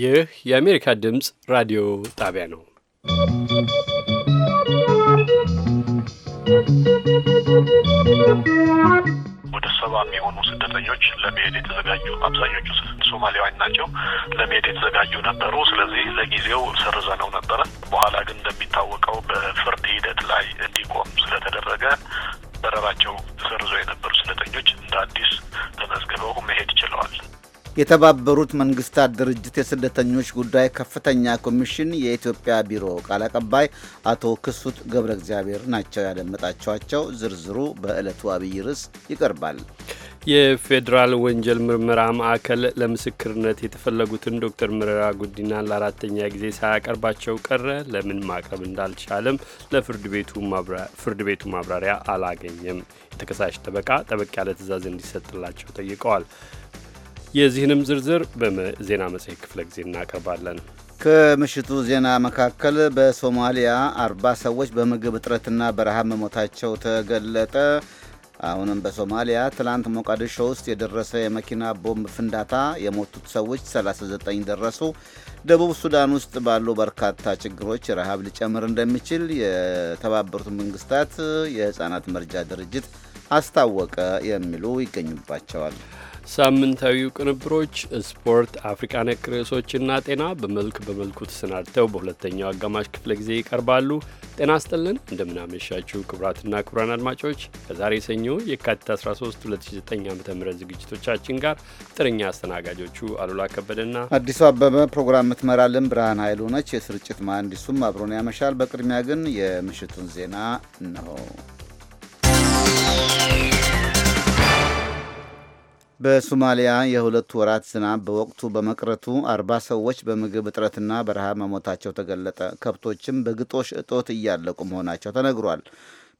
ይህ የአሜሪካ ድምፅ ራዲዮ ጣቢያ ነው። ወደ ሰባ የሚሆኑ ስደተኞች ለመሄድ የተዘጋጁ አብዛኞቹ ሶማሊያውያን ናቸው። ለመሄድ የተዘጋጁ ነበሩ። ስለዚህ ለጊዜው ሰርዘ ነው ነበረ። በኋላ ግን እንደሚታወቀው በፍርድ ሂደት ላይ እንዲቆም ስለተደረገ በረራቸው ተሰርዞ የነበሩ ስደተኞች እንደ አዲስ ተመዝግበው መሄድ ችለዋል። የተባበሩት መንግስታት ድርጅት የስደተኞች ጉዳይ ከፍተኛ ኮሚሽን የኢትዮጵያ ቢሮ ቃል አቀባይ አቶ ክሱት ገብረ እግዚአብሔር ናቸው ያደመጣችኋቸው። ዝርዝሩ በዕለቱ አብይ ርዕስ ይቀርባል። የፌዴራል ወንጀል ምርመራ ማዕከል ለምስክርነት የተፈለጉትን ዶክተር መረራ ጉዲናን ለአራተኛ ጊዜ ሳያቀርባቸው ቀረ። ለምን ማቅረብ እንዳልቻለም ለፍርድ ቤቱ ማብራሪያ አላገኘም። የተከሳሽ ጠበቃ ጠበቅ ያለ ትዕዛዝ እንዲሰጥላቸው ጠይቀዋል። የዚህንም ዝርዝር በዜና መጽሔት ክፍለ ጊዜ እናቀርባለን። ከምሽቱ ዜና መካከል በሶማሊያ አርባ ሰዎች በምግብ እጥረትና በረሃብ መሞታቸው ተገለጠ። አሁንም በሶማሊያ ትላንት ሞቃዲሾ ውስጥ የደረሰ የመኪና ቦምብ ፍንዳታ የሞቱት ሰዎች 39 ደረሱ። ደቡብ ሱዳን ውስጥ ባሉ በርካታ ችግሮች ረሃብ ሊጨምር እንደሚችል የተባበሩት መንግስታት የህፃናት መርጃ ድርጅት አስታወቀ። የሚሉ ይገኙባቸዋል። ሳምንታዊ ቅንብሮች፣ ስፖርት፣ አፍሪቃ ነክ ርዕሶችና ጤና በመልክ በመልኩ ተሰናድተው በሁለተኛው አጋማሽ ክፍለ ጊዜ ይቀርባሉ። ጤና ይስጥልን፣ እንደምናመሻችሁ ክቡራትና ክቡራን አድማጮች ከዛሬ ሰኞ የካቲት 13 2009 ዓ ም ዝግጅቶቻችን ጋር ጥርኛ አስተናጋጆቹ አሉላ ከበደና አዲሱ አበበ፣ ፕሮግራም የምትመራልን ብርሃን ኃይሉ ነች። የስርጭት መሀንዲሱም አብሮን ያመሻል። በቅድሚያ ግን የምሽቱን ዜና ነው። በሶማሊያ የሁለት ወራት ዝናብ በወቅቱ በመቅረቱ አርባ ሰዎች በምግብ እጥረትና በረሃብ መሞታቸው ተገለጠ። ከብቶችም በግጦሽ እጦት እያለቁ መሆናቸው ተነግሯል።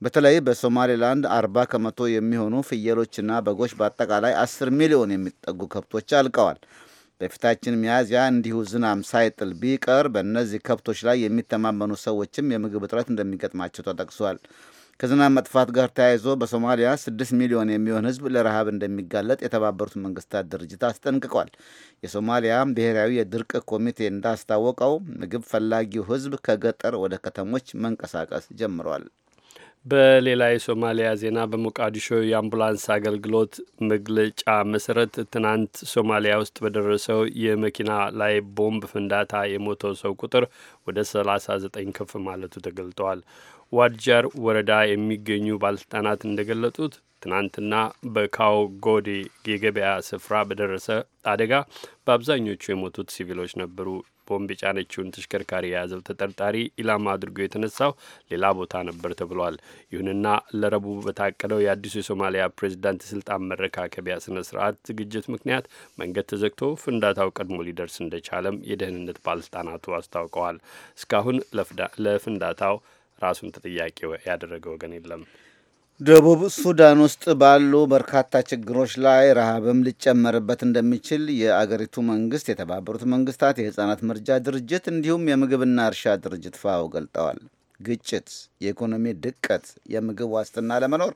በተለይ በሶማሌላንድ አርባ ከመቶ የሚሆኑ ፍየሎችና በጎች በአጠቃላይ አስር ሚሊዮን የሚጠጉ ከብቶች አልቀዋል። በፊታችን ሚያዝያ እንዲሁ ዝናብ ሳይጥል ቢቀር በእነዚህ ከብቶች ላይ የሚተማመኑ ሰዎችም የምግብ እጥረት እንደሚገጥማቸው ተጠቅሷል። ከዝናብ መጥፋት ጋር ተያይዞ በሶማሊያ 6 ሚሊዮን የሚሆን ሕዝብ ለረሃብ እንደሚጋለጥ የተባበሩት መንግስታት ድርጅት አስጠንቅቋል። የሶማሊያ ብሔራዊ የድርቅ ኮሚቴ እንዳስታወቀው ምግብ ፈላጊው ሕዝብ ከገጠር ወደ ከተሞች መንቀሳቀስ ጀምሯል። በሌላ የሶማሊያ ዜና በሞቃዲሾ የአምቡላንስ አገልግሎት መግለጫ መሰረት ትናንት ሶማሊያ ውስጥ በደረሰው የመኪና ላይ ቦምብ ፍንዳታ የሞተው ሰው ቁጥር ወደ 39 ከፍ ማለቱ ተገልጠዋል። ዋድጃር ወረዳ የሚገኙ ባለስልጣናት እንደገለጡት ትናንትና በካው ጎዴ የገበያ ስፍራ በደረሰ አደጋ በአብዛኞቹ የሞቱት ሲቪሎች ነበሩ። ቦምብ የጫነችውን ተሽከርካሪ የያዘው ተጠርጣሪ ኢላማ አድርጎ የተነሳው ሌላ ቦታ ነበር ተብሏል። ይሁንና ለረቡዕ በታቀደው የአዲሱ የሶማሊያ ፕሬዚዳንት የስልጣን መረካከቢያ ስነ ስርዓት ዝግጅት ምክንያት መንገድ ተዘግቶ ፍንዳታው ቀድሞ ሊደርስ እንደቻለም የደህንነት ባለስልጣናቱ አስታውቀዋል። እስካሁን ለፍንዳታው ራሱን ተጠያቂ ያደረገ ወገን የለም። ደቡብ ሱዳን ውስጥ ባሉ በርካታ ችግሮች ላይ ረሃብም ሊጨመርበት እንደሚችል የአገሪቱ መንግስት፣ የተባበሩት መንግስታት የህፃናት መርጃ ድርጅት እንዲሁም የምግብና እርሻ ድርጅት ፋኦ ገልጠዋል። ግጭት፣ የኢኮኖሚ ድቀት፣ የምግብ ዋስትና ለመኖር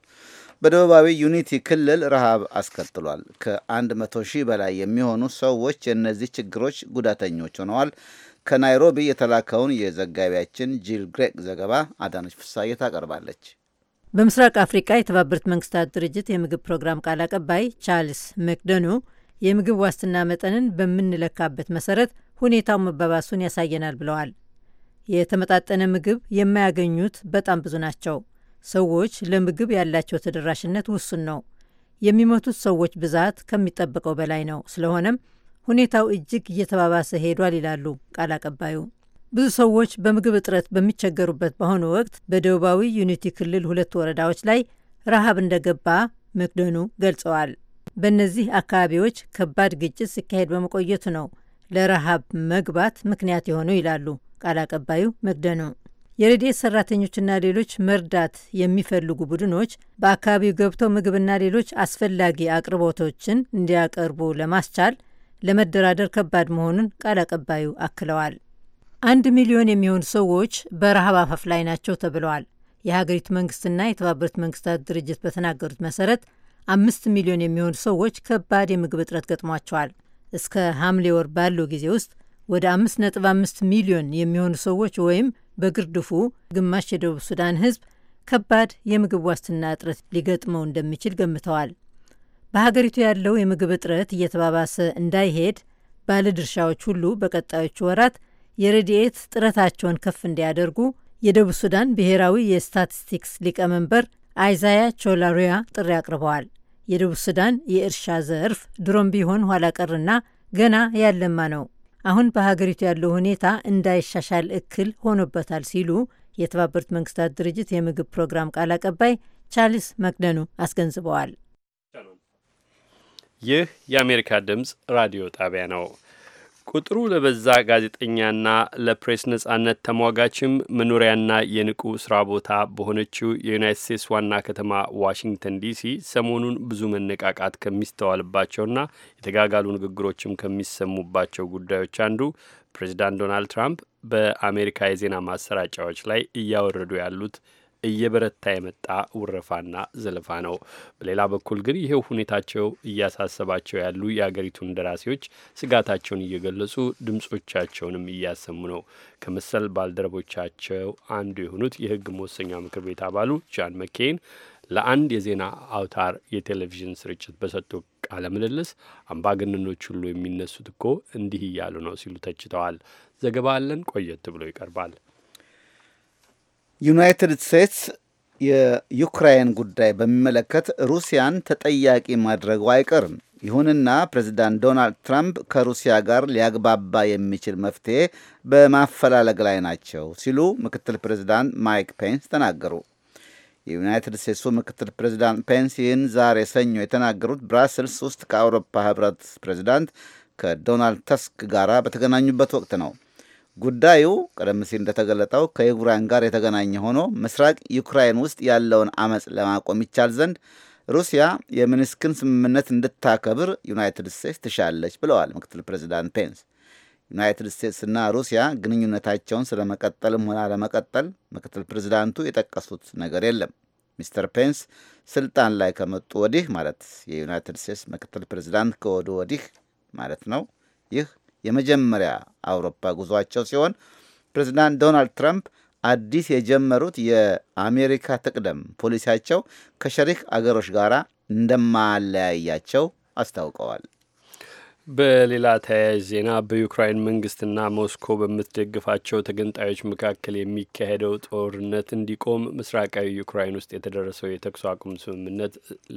በደቡባዊ ዩኒቲ ክልል ረሃብ አስከትሏል። ከአንድ መቶ ሺህ በላይ የሚሆኑ ሰዎች የእነዚህ ችግሮች ጉዳተኞች ሆነዋል። ከናይሮቢ የተላከውን የዘጋቢያችን ጂል ግሬግ ዘገባ አዳነች ፍሳዬ ታቀርባለች። በምስራቅ አፍሪካ የተባበሩት መንግስታት ድርጅት የምግብ ፕሮግራም ቃል አቀባይ ቻርልስ መክደኑ የምግብ ዋስትና መጠንን በምንለካበት መሰረት ሁኔታው መባባሱን ያሳየናል ብለዋል። የተመጣጠነ ምግብ የማያገኙት በጣም ብዙ ናቸው። ሰዎች ለምግብ ያላቸው ተደራሽነት ውሱን ነው። የሚሞቱት ሰዎች ብዛት ከሚጠበቀው በላይ ነው። ስለሆነም ሁኔታው እጅግ እየተባባሰ ሄዷል ይላሉ ቃል አቀባዩ። ብዙ ሰዎች በምግብ እጥረት በሚቸገሩበት በአሁኑ ወቅት በደቡባዊ ዩኒቲ ክልል ሁለት ወረዳዎች ላይ ረሃብ እንደገባ መክደኑ ገልጸዋል። በእነዚህ አካባቢዎች ከባድ ግጭት ሲካሄድ በመቆየቱ ነው ለረሃብ መግባት ምክንያት የሆነው ይላሉ ቃል አቀባዩ መክደኑ። የረድኤት ሰራተኞችና ሌሎች መርዳት የሚፈልጉ ቡድኖች በአካባቢው ገብተው ምግብና ሌሎች አስፈላጊ አቅርቦቶችን እንዲያቀርቡ ለማስቻል ለመደራደር ከባድ መሆኑን ቃል አቀባዩ አክለዋል። አንድ ሚሊዮን የሚሆኑ ሰዎች በረሃብ አፋፍ ላይ ናቸው ተብለዋል። የሀገሪቱ መንግስትና የተባበሩት መንግስታት ድርጅት በተናገሩት መሰረት አምስት ሚሊዮን የሚሆኑ ሰዎች ከባድ የምግብ እጥረት ገጥሟቸዋል። እስከ ሐምሌ ወር ባለው ጊዜ ውስጥ ወደ አምስት ነጥብ አምስት ሚሊዮን የሚሆኑ ሰዎች ወይም በግርድፉ ግማሽ የደቡብ ሱዳን ህዝብ ከባድ የምግብ ዋስትና እጥረት ሊገጥመው እንደሚችል ገምተዋል። በሀገሪቱ ያለው የምግብ እጥረት እየተባባሰ እንዳይሄድ ባለድርሻዎች ሁሉ በቀጣዮቹ ወራት የረድኤት ጥረታቸውን ከፍ እንዲያደርጉ የደቡብ ሱዳን ብሔራዊ የስታቲስቲክስ ሊቀመንበር አይዛያ ቾላሪያ ጥሪ አቅርበዋል። የደቡብ ሱዳን የእርሻ ዘርፍ ድሮም ቢሆን ኋላ ቀርና ገና ያለማ ነው። አሁን በሀገሪቱ ያለው ሁኔታ እንዳይሻሻል እክል ሆኖበታል ሲሉ የተባበሩት መንግስታት ድርጅት የምግብ ፕሮግራም ቃል አቀባይ ቻርልስ መክደኑ አስገንዝበዋል። ይህ የአሜሪካ ድምፅ ራዲዮ ጣቢያ ነው። ቁጥሩ ለበዛ ጋዜጠኛና ለፕሬስ ነጻነት ተሟጋችም መኖሪያና የንቁ ስራ ቦታ በሆነችው የዩናይት ስቴትስ ዋና ከተማ ዋሽንግተን ዲሲ ሰሞኑን ብዙ መነቃቃት ከሚስተዋልባቸውና የተጋጋሉ ንግግሮችም ከሚሰሙባቸው ጉዳዮች አንዱ ፕሬዚዳንት ዶናልድ ትራምፕ በአሜሪካ የዜና ማሰራጫዎች ላይ እያወረዱ ያሉት እየበረታ የመጣ ውረፋና ዘለፋ ነው። በሌላ በኩል ግን ይሄው ሁኔታቸው እያሳሰባቸው ያሉ የአገሪቱን ደራሲዎች ስጋታቸውን እየገለጹ ድምጾቻቸውንም እያሰሙ ነው። ከመሰል ባልደረቦቻቸው አንዱ የሆኑት የሕግ መወሰኛ ምክር ቤት አባሉ ጃን መኬን ለአንድ የዜና አውታር የቴሌቪዥን ስርጭት በሰጡ ቃለ ምልልስ አምባገነኖች ሁሉ የሚነሱት እኮ እንዲህ እያሉ ነው ሲሉ ተችተዋል። ዘገባ አለን፣ ቆየት ብሎ ይቀርባል። ዩናይትድ ስቴትስ የዩክራይን ጉዳይ በሚመለከት ሩሲያን ተጠያቂ ማድረጉ አይቀርም። ይሁንና ፕሬዚዳንት ዶናልድ ትራምፕ ከሩሲያ ጋር ሊያግባባ የሚችል መፍትሄ በማፈላለግ ላይ ናቸው ሲሉ ምክትል ፕሬዚዳንት ማይክ ፔንስ ተናገሩ። የዩናይትድ ስቴትሱ ምክትል ፕሬዚዳንት ፔንስ ይህን ዛሬ ሰኞ የተናገሩት ብራስልስ ውስጥ ከአውሮፓ ህብረት ፕሬዚዳንት ከዶናልድ ተስክ ጋር በተገናኙበት ወቅት ነው። ጉዳዩ ቀደም ሲል እንደተገለጠው ከዩክራይን ጋር የተገናኘ ሆኖ ምስራቅ ዩክራይን ውስጥ ያለውን አመፅ ለማቆም ይቻል ዘንድ ሩሲያ የሚንስክን ስምምነት እንድታከብር ዩናይትድ ስቴትስ ትሻለች ብለዋል ምክትል ፕሬዚዳንት ፔንስ። ዩናይትድ ስቴትስና ሩሲያ ግንኙነታቸውን ስለመቀጠልም ሆነ አለመቀጠል ምክትል ፕሬዚዳንቱ የጠቀሱት ነገር የለም። ሚስተር ፔንስ ስልጣን ላይ ከመጡ ወዲህ ማለት የዩናይትድ ስቴትስ ምክትል ፕሬዚዳንት ከወዱ ወዲህ ማለት ነው ይህ የመጀመሪያ አውሮፓ ጉዟቸው ሲሆን ፕሬዚዳንት ዶናልድ ትራምፕ አዲስ የጀመሩት የአሜሪካ ትቅደም ፖሊሲያቸው ከሸሪክ አገሮች ጋር እንደማለያያቸው አስታውቀዋል። በሌላ ተያያዥ ዜና በዩክራይን መንግስትና ሞስኮ በምትደግፋቸው ተገንጣዮች መካከል የሚካሄደው ጦርነት እንዲቆም ምስራቃዊ ዩክራይን ውስጥ የተደረሰው የተኩስ አቁም ስምምነት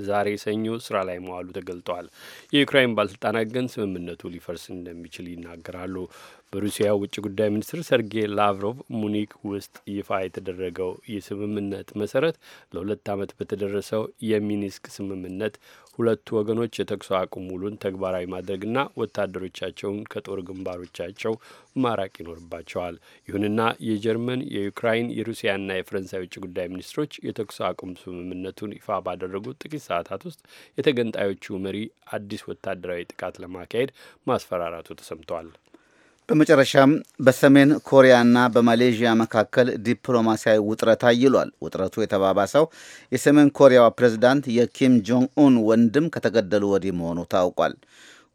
ዛሬ ሰኞ ስራ ላይ መዋሉ ተገልጧል። የዩክራይን ባለስልጣናት ግን ስምምነቱ ሊፈርስ እንደሚችል ይናገራሉ። በሩሲያ ውጭ ጉዳይ ሚኒስትር ሰርጌይ ላቭሮቭ ሙኒክ ውስጥ ይፋ የተደረገው የስምምነት መሰረት ለሁለት ዓመት በተደረሰው የሚኒስክ ስምምነት ሁለቱ ወገኖች የተኩስ አቁም ውሉን ተግባራዊ ማድረግና ወታደሮቻቸውን ከጦር ግንባሮቻቸው ማራቅ ይኖርባቸዋል። ይሁንና የጀርመን፣ የዩክራይን፣ የሩሲያና የፈረንሳይ ውጭ ጉዳይ ሚኒስትሮች የተኩስ አቁም ስምምነቱን ይፋ ባደረጉት ጥቂት ሰዓታት ውስጥ የተገንጣዮቹ መሪ አዲስ ወታደራዊ ጥቃት ለማካሄድ ማስፈራራቱ ተሰምቷል። በመጨረሻም በሰሜን ኮሪያና በማሌዥያ መካከል ዲፕሎማሲያዊ ውጥረት አይሏል። ውጥረቱ የተባባሰው የሰሜን ኮሪያዋ ፕሬዝዳንት የኪም ጆንግ ኡን ወንድም ከተገደሉ ወዲህ መሆኑ ታውቋል።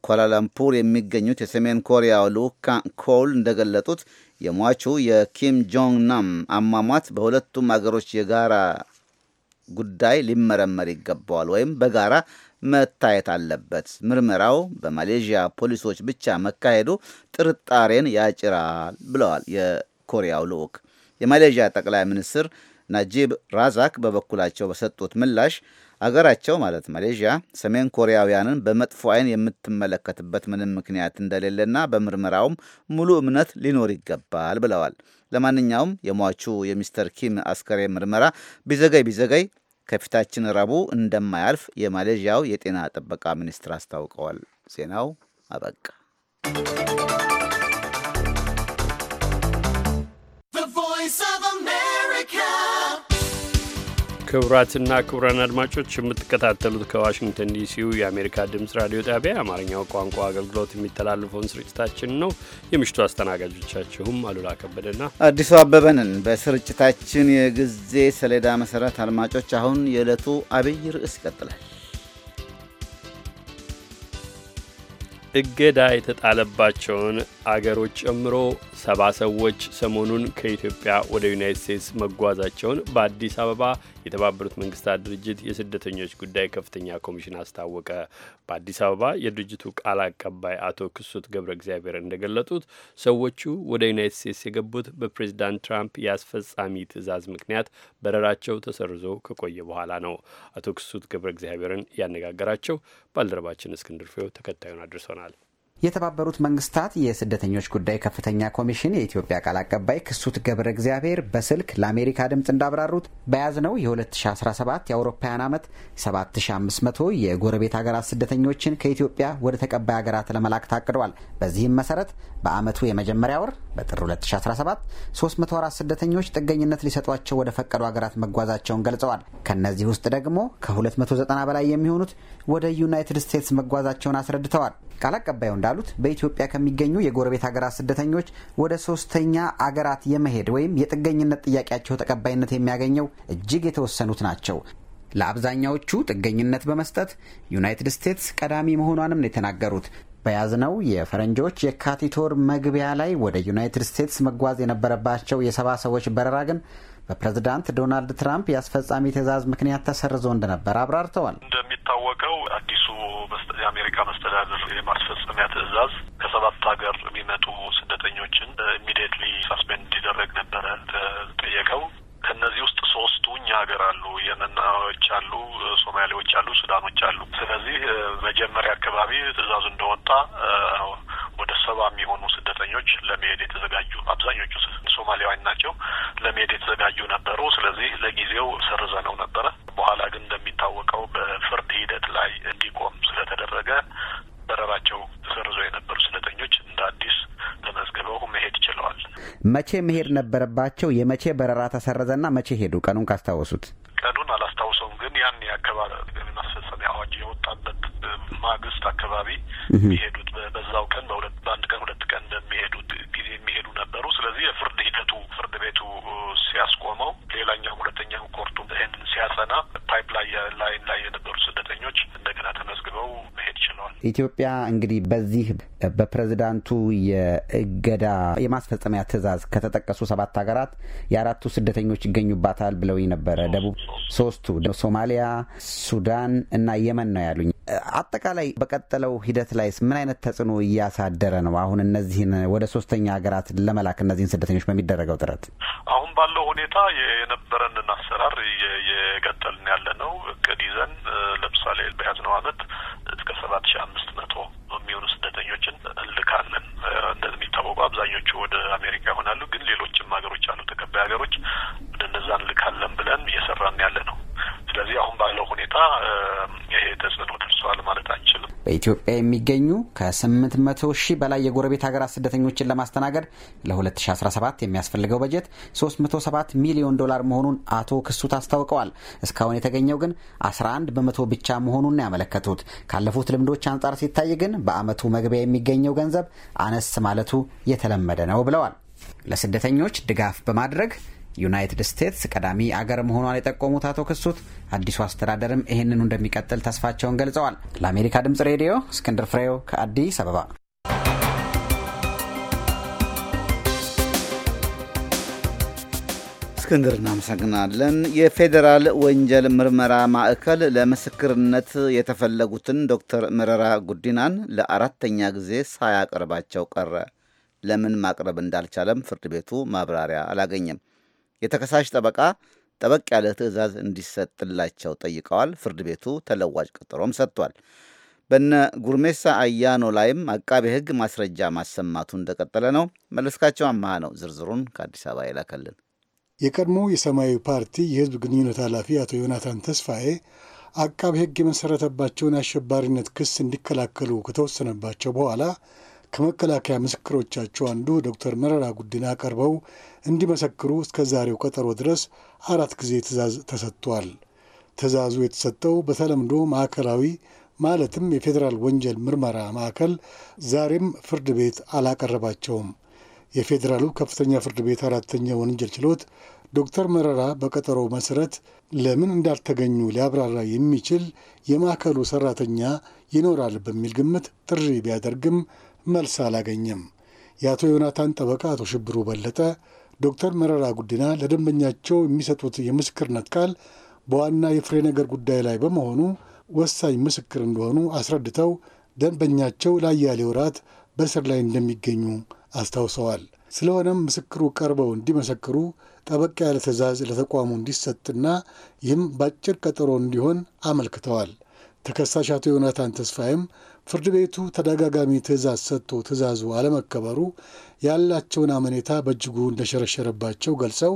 ኳላላምፑር የሚገኙት የሰሜን ኮሪያ ልዑካን ኮል እንደገለጡት የሟቹ የኪም ጆንግ ናም አሟሟት በሁለቱም አገሮች የጋራ ጉዳይ ሊመረመር ይገባዋል ወይም በጋራ መታየት አለበት። ምርመራው በማሌዥያ ፖሊሶች ብቻ መካሄዱ ጥርጣሬን ያጭራል ብለዋል የኮሪያው ልዑክ። የማሌዥያ ጠቅላይ ሚኒስትር ናጂብ ራዛክ በበኩላቸው በሰጡት ምላሽ አገራቸው ማለት ማሌዥያ ሰሜን ኮሪያውያንን በመጥፎ ዓይን የምትመለከትበት ምንም ምክንያት እንደሌለና በምርመራውም ሙሉ እምነት ሊኖር ይገባል ብለዋል። ለማንኛውም የሟቹ የሚስተር ኪም አስከሬ ምርመራ ቢዘገይ ቢዘገይ ከፊታችን ረቡዕ እንደማያልፍ የማሌዥያው የጤና ጥበቃ ሚኒስትር አስታውቀዋል። ዜናው አበቃ። ክቡራትና ክቡራን አድማጮች የምትከታተሉት ከዋሽንግተን ዲሲው የአሜሪካ ድምፅ ራዲዮ ጣቢያ የአማርኛው ቋንቋ አገልግሎት የሚተላለፈውን ስርጭታችን ነው። የምሽቱ አስተናጋጆቻችሁም አሉላ ከበደና አዲሱ አበበንን። በስርጭታችን የጊዜ ሰሌዳ መሰረት አድማጮች አሁን የዕለቱ አብይ ርዕስ ይቀጥላል። እገዳ የተጣለባቸውን አገሮች ጨምሮ ሰባ ሰዎች ሰሞኑን ከኢትዮጵያ ወደ ዩናይት ስቴትስ መጓዛቸውን በአዲስ አበባ የተባበሩት መንግስታት ድርጅት የስደተኞች ጉዳይ ከፍተኛ ኮሚሽን አስታወቀ። በአዲስ አበባ የድርጅቱ ቃል አቀባይ አቶ ክሱት ገብረ እግዚአብሔር እንደገለጡት ሰዎቹ ወደ ዩናይት ስቴትስ የገቡት በፕሬዚዳንት ትራምፕ የአስፈጻሚ ትዕዛዝ ምክንያት በረራቸው ተሰርዞ ከቆየ በኋላ ነው። አቶ ክሱት ገብረ እግዚአብሔርን ያነጋገራቸው ባልደረባችን እስክንድር ፍሬው ተከታዩን አድርሶናል። የተባበሩት መንግስታት የስደተኞች ጉዳይ ከፍተኛ ኮሚሽን የኢትዮጵያ ቃል አቀባይ ክሱት ገብረ እግዚአብሔር በስልክ ለአሜሪካ ድምፅ እንዳብራሩት በያዝነው የ2017 የአውሮፓውያን ዓመት 7500 የጎረቤት ሀገራት ስደተኞችን ከኢትዮጵያ ወደ ተቀባይ ሀገራት ለመላክ ታቅደዋል። በዚህም መሰረት በአመቱ የመጀመሪያ ወር በጥር 2017 304 ስደተኞች ጥገኝነት ሊሰጧቸው ወደ ፈቀዱ ሀገራት መጓዛቸውን ገልጸዋል። ከእነዚህ ውስጥ ደግሞ ከ290 በላይ የሚሆኑት ወደ ዩናይትድ ስቴትስ መጓዛቸውን አስረድተዋል። ቃል አቀባዩ እንዳ እንዳሉት በኢትዮጵያ ከሚገኙ የጎረቤት ሀገራት ስደተኞች ወደ ሶስተኛ አገራት የመሄድ ወይም የጥገኝነት ጥያቄያቸው ተቀባይነት የሚያገኘው እጅግ የተወሰኑት ናቸው። ለአብዛኛዎቹ ጥገኝነት በመስጠት ዩናይትድ ስቴትስ ቀዳሚ መሆኗንም ነው የተናገሩት። በያዝነው የፈረንጆች የካቲት ወር መግቢያ ላይ ወደ ዩናይትድ ስቴትስ መጓዝ የነበረባቸው የሰባ ሰዎች በረራ ግን በፕሬዝዳንት ዶናልድ ትራምፕ የአስፈጻሚ ትዕዛዝ ምክንያት ተሰርዞ እንደነበር አብራርተዋል። እንደሚታወቀው አዲሱ የአሜሪካ መስተዳድር የማስፈጸሚያ ትዕዛዝ ከሰባት ሀገር የሚመጡ ስደተኞችን ኢሚዲየትሊ ሳስፔንድ እንዲደረግ ነበረ ተጠየቀው። ከነዚህ ውስጥ ሶስቱ እኛ ሀገር አሉ። የመናዎች አሉ፣ ሶማሌዎች አሉ፣ ሱዳኖች አሉ። ስለዚህ መጀመሪያ አካባቢ ትእዛዙ እንደወጣ ወደ ሰባ የሚሆኑ ስደተኞች ለመሄድ የተዘጋጁ አብዛኞቹ ሶማሊያውያን ናቸው ለመሄድ የተዘጋጁ ነበሩ። ስለዚህ ለጊዜው ሰርዘ ነው ነበረ። በኋላ ግን እንደሚታወቀው በፍርድ ሂደት ላይ እንዲቆም ስለተደረገ በረራቸው ተሰርዞ የነበሩ ስደተኞች እንደ አዲስ ተመዝግበው መሄድ ችለዋል። መቼ መሄድ ነበረባቸው? የመቼ በረራ ተሰረዘና መቼ ሄዱ? ቀኑን ካስታወሱት ቀኑን አላስታውሰውም፣ ግን ያን የአካባቢ አዋጅ የወጣበት ማግስት አካባቢ የሚሄዱት በዛው ቀን በሁለት በአንድ ቀን ሁለት ቀን በሚሄዱት ጊዜ የሚሄዱ ነበሩ። ስለዚህ የፍርድ ሂደቱ ፍርድ ቤቱ ሲያስቆመው፣ ሌላኛው ሁለተኛው ኮርቱ ይህንን ሲያጸና ላይ ላይን ላይ የነበሩ ስደተኞች እንደገና ተመዝግበው መሄድ ችለዋል። ኢትዮጵያ እንግዲህ በዚህ በፕሬዝዳንቱ የእገዳ የማስፈጸሚያ ትዕዛዝ ከተጠቀሱ ሰባት ሀገራት የአራቱ ስደተኞች ይገኙባታል ብለውኝ ነበረ። ደቡብ ሶስቱ ሶማሊያ፣ ሱዳን እና የመን ነው ያሉኝ። አጠቃላይ በቀጠለው ሂደት ላይ ምን አይነት ተጽዕኖ እያሳደረ ነው? አሁን እነዚህን ወደ ሶስተኛ ሀገራት ለመላክ እነዚህን ስደተኞች በሚደረገው ጥረት አሁን ባለው ሁኔታ የነበረንን አሰራር የቀጠልን ያለ ነው። እቅድ ይዘን ለምሳሌ በያዝነው አመት እስከ ሰባት ሺ አምስት መቶ የሚሆኑ ስደተኞችን እንልካለን። እንደሚታወቁ አብዛኞቹ ወደ አሜሪካ ይሆናሉ፣ ግን ሌሎችም በኢትዮጵያ የሚገኙ ከ800 ሺህ በላይ የጎረቤት ሀገራት ስደተኞችን ለማስተናገድ ለ2017 የሚያስፈልገው በጀት 307 ሚሊዮን ዶላር መሆኑን አቶ ክሱት አስታውቀዋል። እስካሁን የተገኘው ግን 11 በመቶ ብቻ መሆኑን ያመለከቱት ካለፉት ልምዶች አንጻር ሲታይ ግን በአመቱ መግቢያ የሚገኘው ገንዘብ አነስ ማለቱ የተለመደ ነው ብለዋል። ለስደተኞች ድጋፍ በማድረግ ዩናይትድ ስቴትስ ቀዳሚ አገር መሆኗን የጠቆሙት አቶ ክሱት አዲሱ አስተዳደርም ይህንኑ እንደሚቀጥል ተስፋቸውን ገልጸዋል። ለአሜሪካ ድምጽ ሬዲዮ እስክንድር ፍሬው ከአዲስ አበባ። እስክንድር እናመሰግናለን። የፌዴራል ወንጀል ምርመራ ማዕከል ለምስክርነት የተፈለጉትን ዶክተር መረራ ጉዲናን ለአራተኛ ጊዜ ሳያቀርባቸው ቀረ። ለምን ማቅረብ እንዳልቻለም ፍርድ ቤቱ ማብራሪያ አላገኘም። የተከሳሽ ጠበቃ ጠበቅ ያለ ትዕዛዝ እንዲሰጥላቸው ጠይቀዋል። ፍርድ ቤቱ ተለዋጭ ቀጠሮም ሰጥቷል። በነ ጉርሜሳ አያኖ ላይም አቃቤ ሕግ ማስረጃ ማሰማቱ እንደቀጠለ ነው። መለስካቸው አመሃ ነው ዝርዝሩን ከአዲስ አበባ ይላከልን። የቀድሞ የሰማያዊ ፓርቲ የህዝብ ግንኙነት ኃላፊ አቶ ዮናታን ተስፋዬ አቃቤ ሕግ የመሰረተባቸውን አሸባሪነት ክስ እንዲከላከሉ ከተወሰነባቸው በኋላ ከመከላከያ ምስክሮቻቸው አንዱ ዶክተር መረራ ጉዲና ቀርበው እንዲመሰክሩ እስከ ዛሬው ቀጠሮ ድረስ አራት ጊዜ ትዕዛዝ ተሰጥቷል። ትዕዛዙ የተሰጠው በተለምዶ ማዕከላዊ ማለትም የፌዴራል ወንጀል ምርመራ ማዕከል ዛሬም ፍርድ ቤት አላቀረባቸውም። የፌዴራሉ ከፍተኛ ፍርድ ቤት አራተኛ ወንጀል ችሎት ዶክተር መረራ በቀጠሮው መሰረት ለምን እንዳልተገኙ ሊያብራራ የሚችል የማዕከሉ ሰራተኛ ይኖራል በሚል ግምት ጥሪ ቢያደርግም መልስ አላገኘም። የአቶ ዮናታን ጠበቃ አቶ ሽብሩ በለጠ ዶክተር መረራ ጉዲና ለደንበኛቸው የሚሰጡት የምስክርነት ቃል በዋና የፍሬ ነገር ጉዳይ ላይ በመሆኑ ወሳኝ ምስክር እንደሆኑ አስረድተው ደንበኛቸው ለአያሌ ወራት በእስር ላይ እንደሚገኙ አስታውሰዋል። ስለሆነም ምስክሩ ቀርበው እንዲመሰክሩ ጠበቅ ያለ ትዕዛዝ ለተቋሙ እንዲሰጥና ይህም በአጭር ቀጠሮ እንዲሆን አመልክተዋል። ተከሳሽ አቶ ዮናታን ተስፋዬም ፍርድ ቤቱ ተደጋጋሚ ትዕዛዝ ሰጥቶ ትእዛዙ አለመከበሩ ያላቸውን አመኔታ በእጅጉ እንደሸረሸረባቸው ገልጸው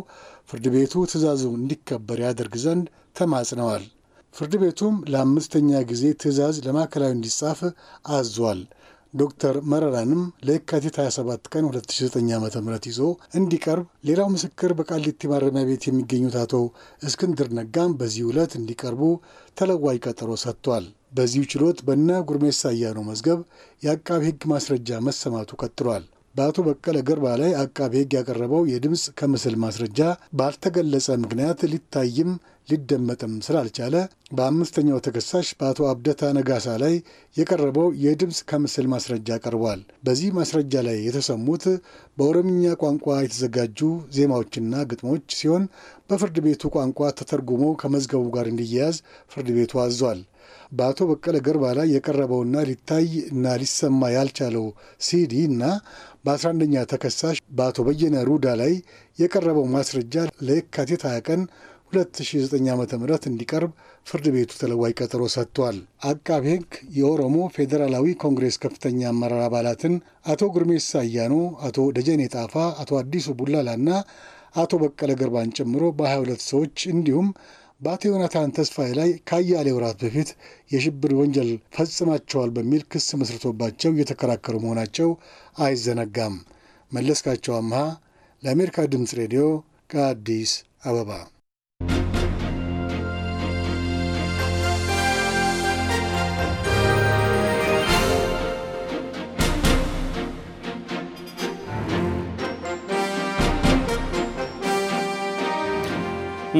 ፍርድ ቤቱ ትዕዛዙ እንዲከበር ያደርግ ዘንድ ተማጽነዋል። ፍርድ ቤቱም ለአምስተኛ ጊዜ ትዕዛዝ ለማዕከላዊ እንዲጻፍ አዟል። ዶክተር መረራንም ለየካቲት 27 ቀን 2009 ዓ ም ይዞ እንዲቀርብ፣ ሌላው ምስክር በቃሊቲ ማረሚያ ቤት የሚገኙት አቶ እስክንድር ነጋም በዚህ ዕለት እንዲቀርቡ ተለዋጭ ቀጠሮ ሰጥቷል። በዚሁ ችሎት በእነ ጉርሜሳ አያኖ መዝገብ የአቃቢ ሕግ ማስረጃ መሰማቱ ቀጥሏል። በአቶ በቀለ ገርባ ላይ አቃቢ ሕግ ያቀረበው የድምፅ ከምስል ማስረጃ ባልተገለጸ ምክንያት ሊታይም ሊደመጥም ስላልቻለ በአምስተኛው ተከሳሽ በአቶ አብደታ ነጋሳ ላይ የቀረበው የድምፅ ከምስል ማስረጃ ቀርቧል። በዚህ ማስረጃ ላይ የተሰሙት በኦሮምኛ ቋንቋ የተዘጋጁ ዜማዎችና ግጥሞች ሲሆን በፍርድ ቤቱ ቋንቋ ተተርጉሞ ከመዝገቡ ጋር እንዲያያዝ ፍርድ ቤቱ አዟል። በአቶ በቀለ ገርባ ላይ የቀረበውና ሊታይ እና ሊሰማ ያልቻለው ሲዲ እና በ11ኛ ተከሳሽ በአቶ በየነ ሩዳ ላይ የቀረበው ማስረጃ ለየካቲት 20 ቀን 2009 ዓ ም እንዲቀርብ ፍርድ ቤቱ ተለዋጭ ቀጠሮ ሰጥቷል። አቃቤ ሕግ የኦሮሞ ፌዴራላዊ ኮንግሬስ ከፍተኛ አመራር አባላትን አቶ ጉርሜሳ አያኖ፣ አቶ ደጀኔ ጣፋ፣ አቶ አዲሱ ቡላላ እና አቶ በቀለ ገርባን ጨምሮ በ22 ሰዎች እንዲሁም በአቶ ዮናታን ተስፋዬ ላይ ከአያሌ ወራት በፊት የሽብር ወንጀል ፈጽማቸዋል በሚል ክስ መስርቶባቸው እየተከራከሩ መሆናቸው አይዘነጋም። መለስካቸው አምሃ ለአሜሪካ ድምፅ ሬዲዮ ከአዲስ አበባ